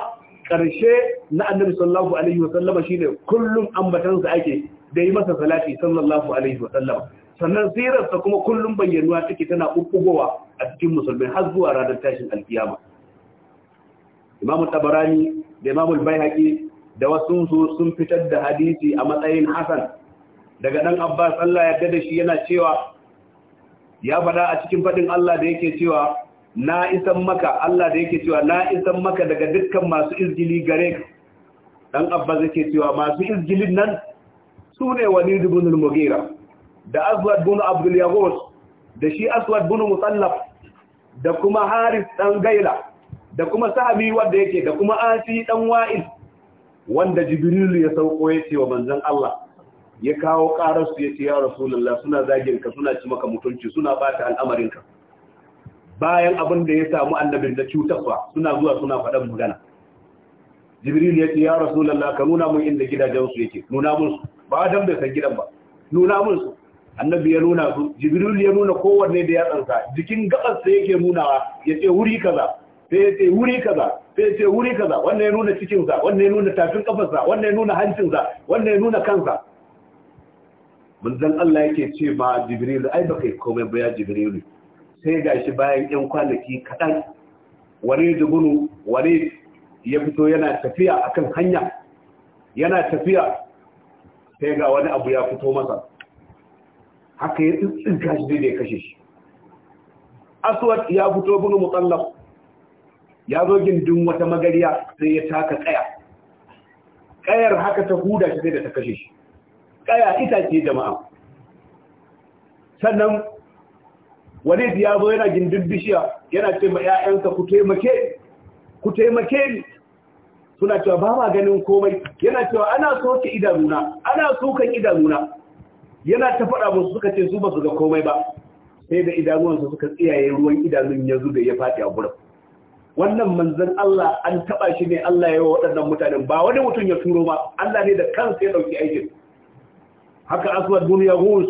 ƙarshe na annabi sallallahu alaihi wa sallama shine kullum ambaton sa ake da yi masa salati sallallahu alaihi wa sallama sannan sirarsa kuma kullum bayyanuwa take tana uppugowa a cikin musulmi har zuwa ranar tashin alkiyama imamu tabarani da imamu bayhaqi da wasu sun fitar da hadisi a matsayin hasan daga dan abbas Allah ya da shi yana cewa ya faɗa a cikin faɗin Allah da yake cewa na isan maka Allah da yake cewa na isan maka daga dukkan masu izgili gare ka dan Abbas yake cewa masu izgilin nan sune Walid ibn al-Mughira da Aswad ibn Abdul Yaghus da shi Aswad ibn Musallaf da kuma Haris dan Gaila da kuma Sahabi wanda yake da kuma Asi dan Wa'il wanda Jibril ya sauko ya ce wa manzon Allah ya kawo ƙararsu ya ce ya rasulullah suna zaginka suna ci maka mutunci suna bata al'amarinka bayan abin da ya samu annabin da cutarwa suna zuwa suna faɗan magana jibril ya ce ya rasulullah ka nuna mun inda gidajensu yake nuna mun su ba dan bai san gidan ba nuna mun su annabi ya nuna su jibril ya nuna kowanne da ya tsansa jikin gabas sa yake nunawa ya ce wuri kaza sai ya ce wuri kaza sai ya ce wuri kaza wannan ya nuna cikinsa wannan ya nuna tafin kafarsa wannan ya nuna hancinsa wannan ya nuna kansa manzon Allah yake ce ma Jibril ai ba kai komai ba ya Jibril sai gashi bayan yan kwanaki kadan wani dubunu wani ya fito yana tafiya akan hanya yana tafiya sai ga wani abu ya fito masa haka ya kashi shi da ya kashe shi aswad ya fito bunu mutsallaf ya zo gindin wata magariya sai ya taka kaya kayar haka ta huda shi sai da ta kashe shi kaya itace jama'a sannan wani ya zo yana gindin bishiya yana ce ma ƴaƴanka ku taimake ku taimake ni suna cewa ba ma ganin komai yana cewa ana soke idanuna ana sokan idanuna yana ta faɗa musu suka ce su ba su ga komai ba sai da idanuwansu suka tsiyaye ruwan idanun ya zube ya faɗi a gurin wannan manzan Allah an taɓa shi ne Allah ya yi wa waɗannan mutanen ba wani mutum ya turo ma Allah ne da kansa ya ɗauki aikin haka aswad duniya ghus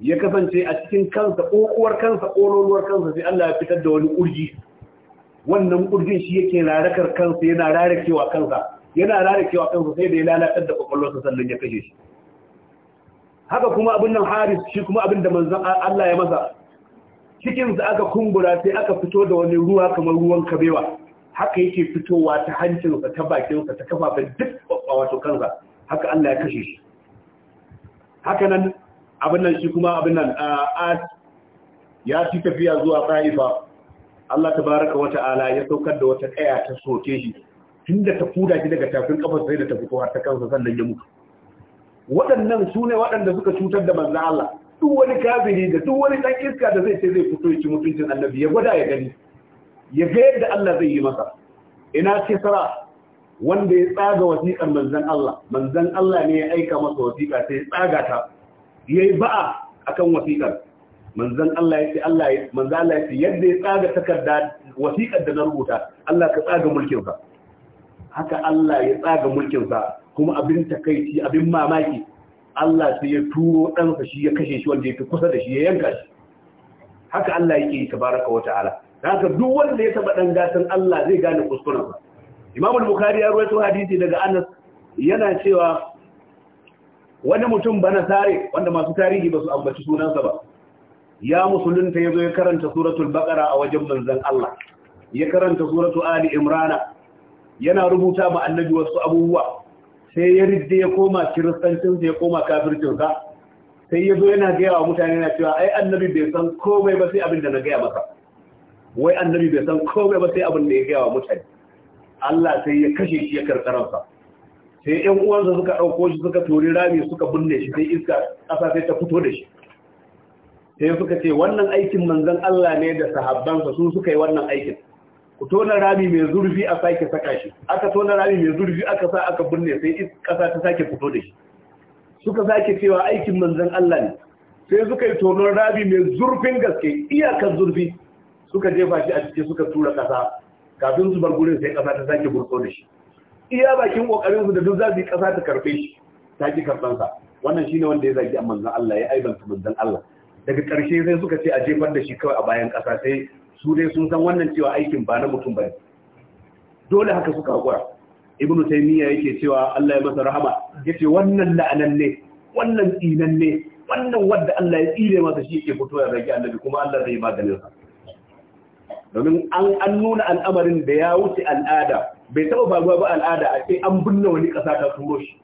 ya kasance a cikin kansa ƙoƙuwar kansa kololuwar kansa sai Allah ya fitar da wani ƙurji wannan ƙurjin shi yake rarakar kansa yana rarakewa kansa yana rarakewa kansa sai da ya lalatar da ƙwaƙwalwarsa sannan ya kashe shi haka kuma abin nan haris shi kuma abin da manzan Allah ya masa cikinsa aka kumbura sai aka fito da wani ruwa kamar ruwan kabewa haka yake fitowa ta sa ta bakinsa ta kafafen duk wato kansa haka Allah ya kashe shi haka nan abin nan shi kuma abin nan ya ci tafiya zuwa ta'ifa Allah tabaraka wa ta'ala ya saukar da wata kaya ta soke shi tunda ta kuda shi daga tafin kafar sai da ta fito har ta kansa sannan ya mutu waɗannan su ne waɗanda suka cutar da manzo Allah duk wani kafiri da duk wani dan iska da zai ce zai fito ya ci mutuncin annabi ya gwada ya gani ya ga yadda Allah zai yi masa ina ce sara wanda ya tsaga wasiƙar manzan Allah manzan Allah ne ya aika masa wasiƙa sai ya tsaga ta ya yi ba'a a kan wasiƙar manzan Allah ya ce manzan Allah ya ce yadda ya tsaga takarda wasiƙar da na rubuta Allah ka tsaga mulkin sa haka Allah ya tsaga mulkin kuma abin takaici abin mamaki Allah sai ya turo ɗansa shi ya kashe shi wanda ya fi kusa da shi ya yanka shi haka Allah yake yi tabaraka wa haka duk wanda ya taba ɗan gatan Allah zai gane kuskuren Imam al-Bukhari ya rawaito hadisi daga Anas yana cewa wani mutum bana sare wanda masu tarihi ba su ambaci sunansa ba ya musulunta ya zo ya karanta suratul baqara a wajen manzon Allah ya karanta suratul ali imrana yana rubuta ma annabi wasu abubuwa sai ya ridde ya koma kiristancin ya koma kafircin sa sai yazo yana gaya wa mutane na cewa ai annabi bai san komai ba sai abin da na gaya masa wai annabi bai san komai ba sai abin da ya gaya wa mutane Allah sai ya kashe shi ya sa sai ƴan uwansa suka ɗauko shi suka tori rami suka binne shi sai iska ƙasa sai ta fito da shi sai suka ce wannan aikin manzon Allah ne da sahabbansa su suka yi wannan aikin ku tona rami mai zurfi a sake saka shi aka tona rami mai zurfi aka sa aka binne sai ƙasa ta sake fito da shi suka sake cewa aikin manzon Allah ne sai suka yi tonon rami mai zurfin gaske iyakar zurfi suka jefa shi a cikin suka tura ƙasa kafin su bar gurin sai ƙasa ta sake burtso da shi iya bakin kokarin su da duk zasu yi ƙasa ta karbe shi ta ki sa wannan shine wanda ya zagi manzon Allah ya aibanta dan Allah daga karshe sai suka ce a jefar da shi kawai a bayan kasa sai su dai sun san wannan cewa aikin ba na mutum bane dole haka suka hakura ibnu taymiya yake cewa Allah ya masa rahama yace wannan la'anan ne wannan tsinan ne wannan wanda Allah ya tsire masa shi yake fito ya zagi annabi kuma Allah zai maganin sa domin an nuna al'amarin da ya wuce al'ada bai taɓa faruwa ba al'ada a ce an binne wani ƙasa ta turo shi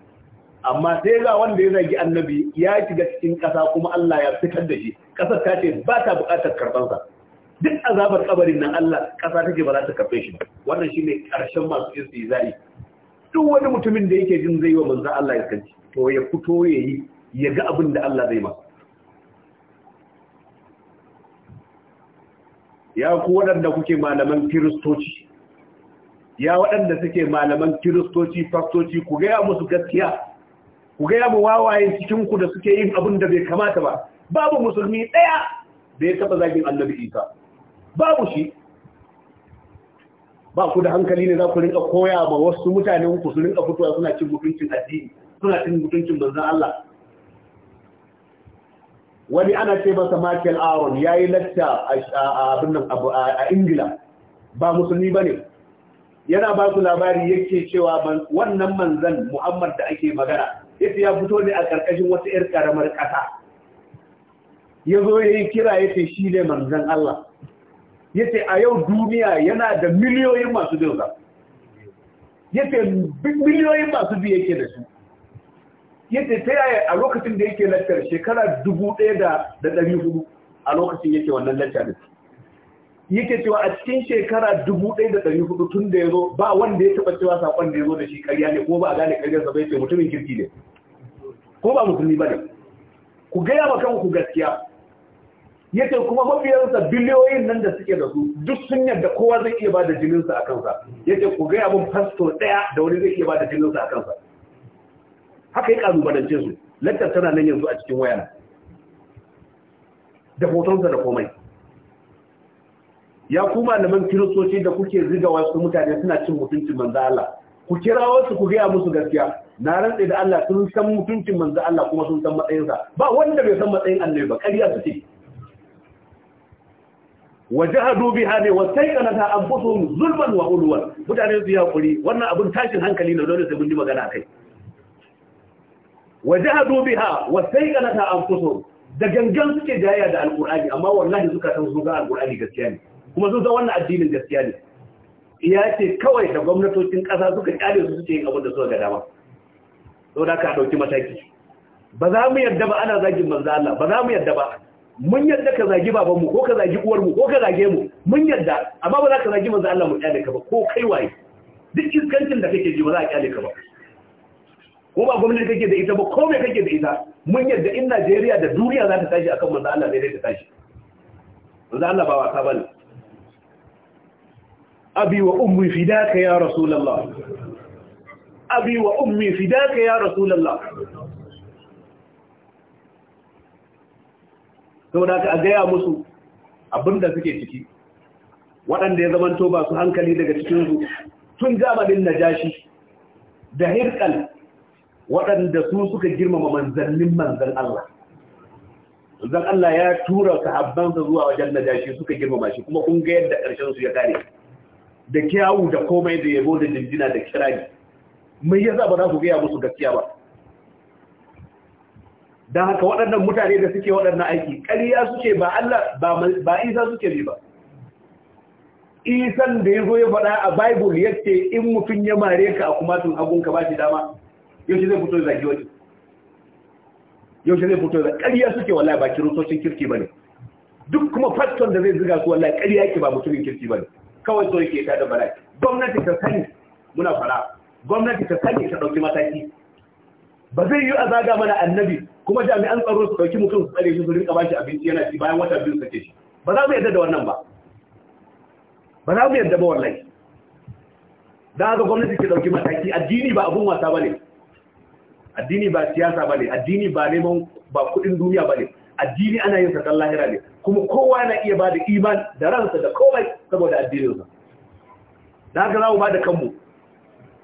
amma sai ga wanda ya zagi annabi ya shiga cikin ƙasa kuma Allah ya fitar da shi ƙasar ta ce ba ta buƙatar karɓarsa duk azabar kabarin nan Allah ƙasa take ba za ta karɓe shi wannan shine ƙarshen masu zai duk wani mutumin da yake jin zai wa manzon Allah ya kanci to ya fito ya yi, ya ga abin da Allah zai masa ya ku waɗanda kuke malaman kiristoci ya waɗanda suke malaman kiristoci fastoci ku gaya musu gaskiya ku gaya mu wawayen cikinku da suke yin abin da bai kamata ba babu musulmi ɗaya da ya taɓa zagin annabi isa babu shi ba ku da hankali ne za ku rinka koya ba wasu mutanen ku su rinka fitowa suna cin mutuncin addini suna cin mutuncin manzon Allah wani ana ce masa Michael Aaron ya yi latta a a Ingila ba musulmi ba ne yana ba su labari yake cewa wannan manzan Muhammad da ake magana yake ya fito ne a karkashin wata 'yar karamar ƙasa ya zo ya yi kira ya ce shi ne manzan Allah ya ce a yau duniya yana da miliyoyin masu biyu ya ce miliyoyin masu biye ke da su yadda ta yaya a lokacin da yake lantar shekara dubu ɗaya da ɗari hudu a lokacin yake wannan lantar da yake cewa a cikin shekara dubu ɗaya da ɗari hudu tun da ya zo ba wanda ya taɓa cewa saƙon da ya zo da shi ƙarya ne ko ba a gane karya sa bai ce mutumin kirki ne ko ba musulmi ba ne ku gaya wa kanku gaskiya yace kuma mafiyarsa biliyoyin nan da suke da su duk sun yadda kowa zai iya ba da jininsa a kansa yace ku gaya mun fasto ɗaya da wani zai iya ba da jininsa a kansa haka ya kalubalance su lantar tana nan yanzu a cikin wayana da hotonsa da komai ya kuma da malaman kiristoci da kuke riga wasu mutane suna cin mutuncin manza Allah ku kira wasu ku gaya musu gaskiya na rantse da Allah sun san mutuncin manza Allah kuma sun san matsayinsa ba wanda bai san matsayin annabi ba ƙarya suke wajahadu biha ne wa sayqanata anfusuhum zulman wa ulwan mutane su yi hakuri wannan abin tashin hankali ne dole sai mun yi magana kai wajahadu biha wa sayqanata anfusuhum da gangan suke jayya da alqur'ani amma wallahi suka san su ga alqur'ani gaskiya ne kuma sun san wannan addinin gaskiya ne ya ce kawai da gwamnatocin ƙasa suka kyale su suke yin abin da suka ga dama saboda ka dauki mataki ba za mu yadda ba ana zagin manzo Allah ba za mu yadda ba mun yadda ka zagi babanmu ko ka zagi uwar mu, ko ka zage mu mun yadda amma ba za ka zagi manzo Allah mu kyale ka ba ko kai waye duk iskancin da kake ji ba za a kyale ka ba ko ba gwamnati kake da ita ba ko me kake da ita mun yadda in Najeriya da duniya za ta tashi akan manzo Allah ne ta tashi manzo Allah ba wasa bane abi wa ummi fidaka ya rasulullah abi wa ummi fidaka ya rasulullah saboda ka gaya musu abinda suke ciki waɗanda ya zamanto ba su hankali daga cikin cikinsu tun zamanin najashi da hirkal waɗanda su suka girmama manzannin manzan Allah zan Allah ya tura sahabbansa zuwa wajen najashi suka girmama shi kuma kun yadda ƙarshen su ya kare da kyawu da komai da yabo da jinjina da kirani mai yasa ba za ku gaya musu gaskiya ba Da haka waɗannan mutane da suke waɗannan aiki ƙarya suke ba Allah ba isa suke ne ba isan da ya zo ya faɗa a bible yake in mutum ya mare ka a kumatun hagunka ba shi dama yaushe zai fito zagi wani yaushe zai fito da ƙariya suke wallahi ba kiristocin kirki ba ne duk kuma faston da zai ziga su wallahi ƙariya ke ba mutumin kirki ba ne kawai so yake ta da bala'i gwamnati ta sani muna fara gwamnati ta sani ta ɗauki mataki ba zai yi a zaga mana annabi kuma jami'an tsaro su ɗauki mutum su tsare shi su rinka bashi abinci yana ci bayan wata biyu sake shi ba za mu yarda da wannan ba ba za mu yarda ba wallahi da haka gwamnati ke ɗauki mataki addini ba abun wasa ba ne addini ba siyasa ba ne addini ba neman ba kudin duniya ba ne addini ana yin sakan lahira ne kuma kowa yana iya ba da iman da ransa da komai saboda addininsa da haka za mu ba da kanmu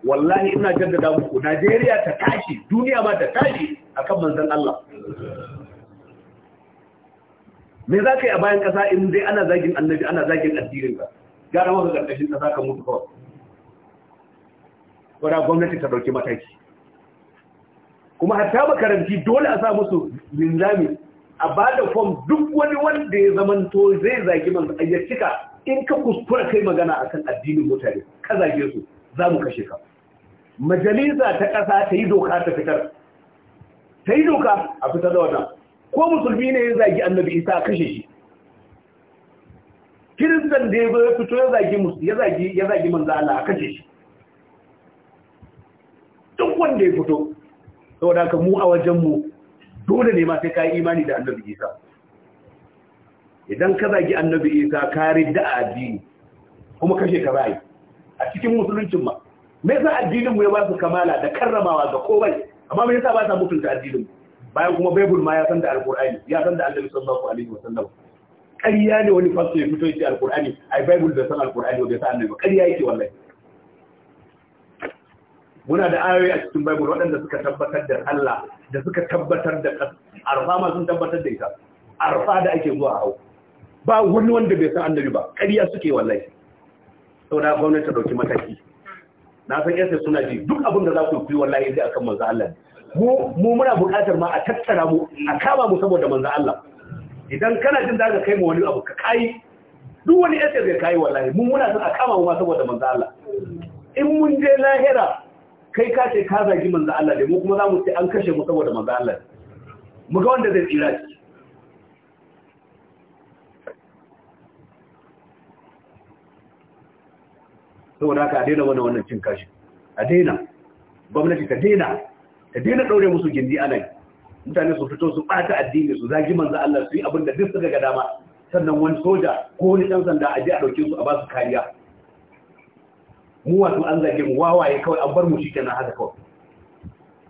wallahi ina jaddada muku najeriya ta tashi duniya ma ta tashi akan manzon allah me za ka yi a bayan ƙasa in dai ana zagin annabi ana zagin addininka gara maka ƙarƙashin ƙasa ka mutu kawai wadda gwamnati ta ɗauki mataki kuma hatta makaranti dole a sa musu linzami a ba da fom duk wani wanda ya to zai zagi man ayyacika in ka kuskura kai magana akan addinin mutane ka zage su za mu kashe ka majalisa ta ƙasa ta yi doka ta fitar ta yi doka a fitar da wannan ko musulmi ne ya zagi annabi isa kashe shi kiristan da ya fito ya zagi ya zagi ya zagi manzo Allah a kashe shi duk wanda ya fito saboda ka mu a wajenmu dole ne ma sai ka yi imani da annabi isa idan ka zagi annabi isa ka ridda addini kuma kashe ka rayu a cikin musuluncin ma me yasa addinin mu ya ba su kamala da karramawa ga kowai amma me yasa ba sa mutunta addinin bayan kuma bible ma ya san da alqur'ani ya san da annabi sallallahu alaihi wasallam ƙarya ne wani fasto ya fito yace alqur'ani ai bible da san alqur'ani ya san annabi ƙarya yake wallahi muna da ayoyi a cikin bible waɗanda suka tabbatar da Allah da suka tabbatar da ƙasa arfa ma sun tabbatar da ita arfa da ake zuwa hau ba wani wanda bai san annabi ba ƙarya suke wallahi saboda gwamnati ta dauki mataki na san yasa suna ji duk abin da za ku yi wallahi dai akan manzo Allah mu mu muna buƙatar ma a tattara mu a kama mu saboda manzo Allah idan kana jin daga kai mu wani abu ka kai duk wani yasa zai kai wallahi mu muna son a kama mu ma saboda manzo Allah in mun je lahira kai ka ce ka zagi manzo Allah ne mu kuma za mu ce an kashe mu saboda manzo Allah mu ga wanda zai tsira shi saboda haka a daina wannan wannan cin kashi a daina gwamnati ta daina ta daina daure musu gindi a nan mutane su fito su bata addini su zagi manzo Allah su yi abin da duk suka ga dama sannan wani soja ko wani dan sanda a je a dauke su a ba su kariya mu wato an zage mu wawaye kawai an bar mu shi kenan haka kawai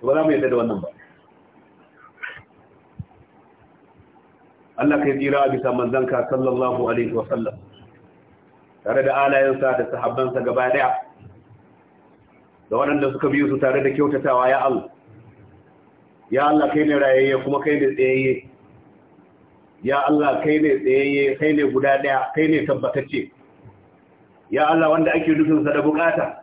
ba za mu yadda da wannan ba Allah kai tsira a bisa manzanka sallallahu alaihi wa sallam tare da alayensa da sahabbansa gaba daya da waɗanda suka biyu su tare da kyautatawa ya Allah ya Allah kai ne rayayye kuma kai ne tsayayye ya Allah kai ne tsayayye kai ne guda daya kai ne tabbatacce ya Allah wanda ake nufinsa da bukata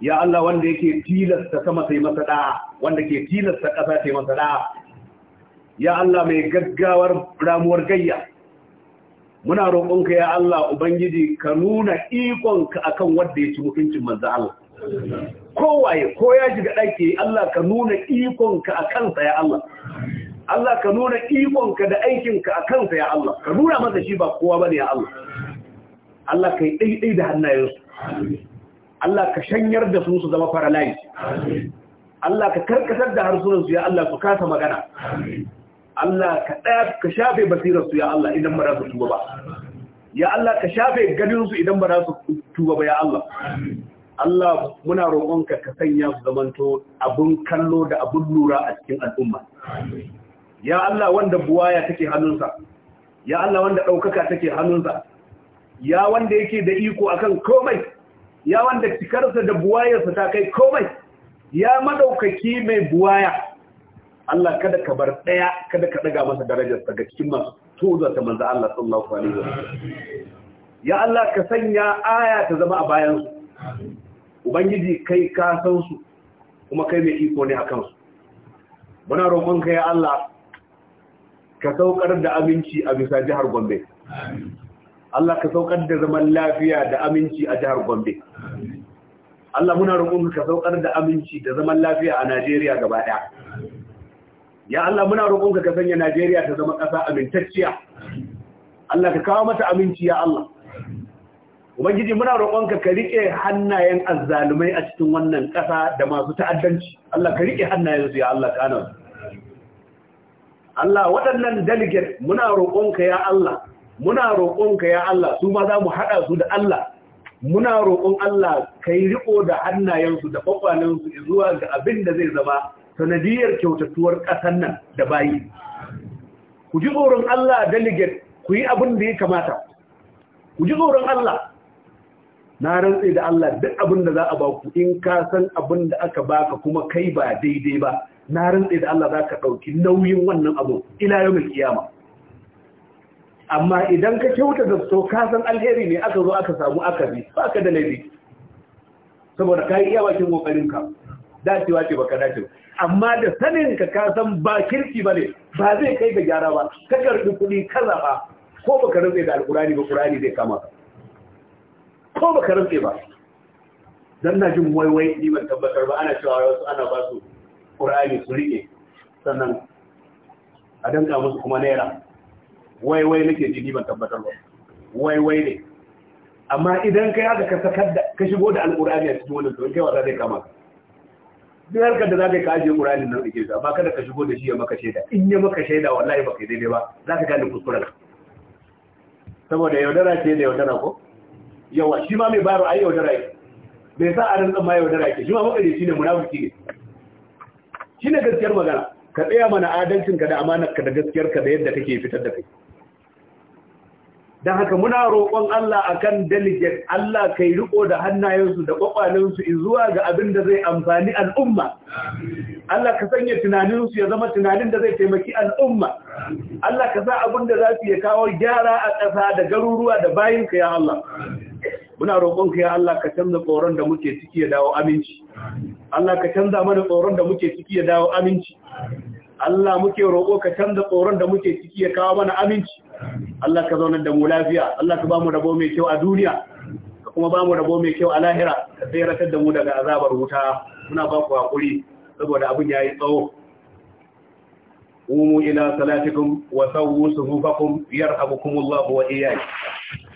ya Allah wanda yake tilasta sama sai masa da'a wanda ke tilasta ƙasa sai masa da'a ya Allah mai gaggawar ramuwar gayya muna roƙonka ya Allah ubangiji ka nuna ikonka akan wanda ya ci mutuncin manzo Allah kowaye ko ya shiga ɗaki Allah ka nuna ikonka akan sa ya Allah Allah ka nuna ikonka da aikinka akan sa ya Allah ka nuna masa shi ba kowa bane ya Allah Allah ka yi ɗaiɗai da hannayensu Allah ka shanyar da sun su zama paralyzed Allah ka karkatar da harsunansu ya Allah su kasa magana Allah ka ɗaya ka shafe basirarsu ya Allah idan ba su tuba ba ya Allah ka shafe ganinsu idan ba su tuba ba ya Allah Allah muna roƙonka ka sanya su zamanto abun kallo da abun lura a cikin al'umma ya Allah wanda buwaya take hannunsa ya Allah wanda ɗaukaka take hannunsa ya wanda yake da iko akan komai ya wanda cikarsa da buwayarsa ta kai komai ya madaukaki mai buwaya Allah kada ka bar daya kada ka daga masa darajarsa ga cikin masu tozo ta manzo Allah sallallahu alaihi wasallam ya Allah ka sanya aya ta zama a bayan su ubangiji kai ka san su kuma kai mai iko ne akan su muna roƙon ka ya Allah ka saukar da aminci a bisa jihar Gombe Allah ka saukar da zaman lafiya da aminci a jihar Gombe Allah muna roƙon ka saukar da aminci da zaman lafiya a Najeriya gaba ɗaya ya Allah muna roƙon ka sanya Najeriya ta zama ƙasa amintacciya Allah ka kawo mata aminci ya Allah Ubangiji muna roƙonka ka riƙe hannayen azzalumai a cikin wannan ƙasa da masu ta'addanci. Allah ka riƙe hannayensu ya Allah kanan. Allah waɗannan delegate muna roƙonka ya Allah muna roƙonka ya Allah su ma za mu haɗa su da Allah muna roƙon Allah kai riƙo da hannayensu da ƙwaƙwalensu zuwa ga abin da zai zama sanadiyar kyautatuwar ƙasar nan da bayi ku ji tsoron Allah delegate ku yi abin da ya kamata ku ji tsoron Allah na rantse da Allah duk abin da za a ba ku in ka san abin da aka baka kuma kai ba daidai ba na rantse da Allah za ka ɗauki nauyin wannan abu ila yau mai kiyama amma idan ka kyauta da so ka alheri ne aka zo aka samu aka bi ba ka da laifi saboda ka yi iya bakin kokarinka dacewa ce baka dace amma da sanin ka ka san ba kirki ba ne ba zai kai ga gyara ba ka karbi kuɗi ka zaba ko baka rantse da alkurani ba kurani zai kama ka ko baka rantse ba dan na jin waiwai ni ban tabbatar ba ana cewa wasu ana ba su kurani su rike sannan a danka musu kuma naira wai wai nake jini ban tabbatar ba wai wai ne amma idan kai haka ka sakar da ka shigo da alkurani a cikin wannan tsohon kai zai kama ka duk harkar da za ka yi ka ajiye qur'anin nan dake sa amma kada ka shigo da shi ya maka shaida in ya maka shaida wallahi baka daidai ba za ka gane kuskuren saboda yaudara ce da yaudara ko yawa shi ma mai baro ai yaudara yake bai sa a rantsan ma yaudara yake shi ma shine ne munafiki ne shi ne gaskiyar magana ka tsaya mana adalcinka da amanarka da gaskiyarka da yadda kake fitar da kai don haka muna roƙon Allah akan delegate Allah kai riƙo da hannayensu da in zuwa ga abin da zai amfani al'umma Allah ka sanya tunaninsu ya zama tunanin da zai taimaki al'umma Allah ka sa abin da za su ya kawo gyara a ƙasa da garuruwa da bayinka ya Allah muna ka ya Allah ka canza tsoron da muke ciki ya dawo aminci Allah ka canza mana tsoron da muke ciki ya dawo aminci Allah muke roƙo ka canza tsoron da muke ciki ya kawo mana aminci Allah ka zaunar da mu lafiya Allah ka ba mu rabo mai kyau a duniya ka kuma ba mu rabo mai kyau a lahira ka tseratar da mu daga azabar wuta muna ba ku haƙuri saboda abin ya yi tsawo قوموا إلى yar abu kuma Allah الله iyayi.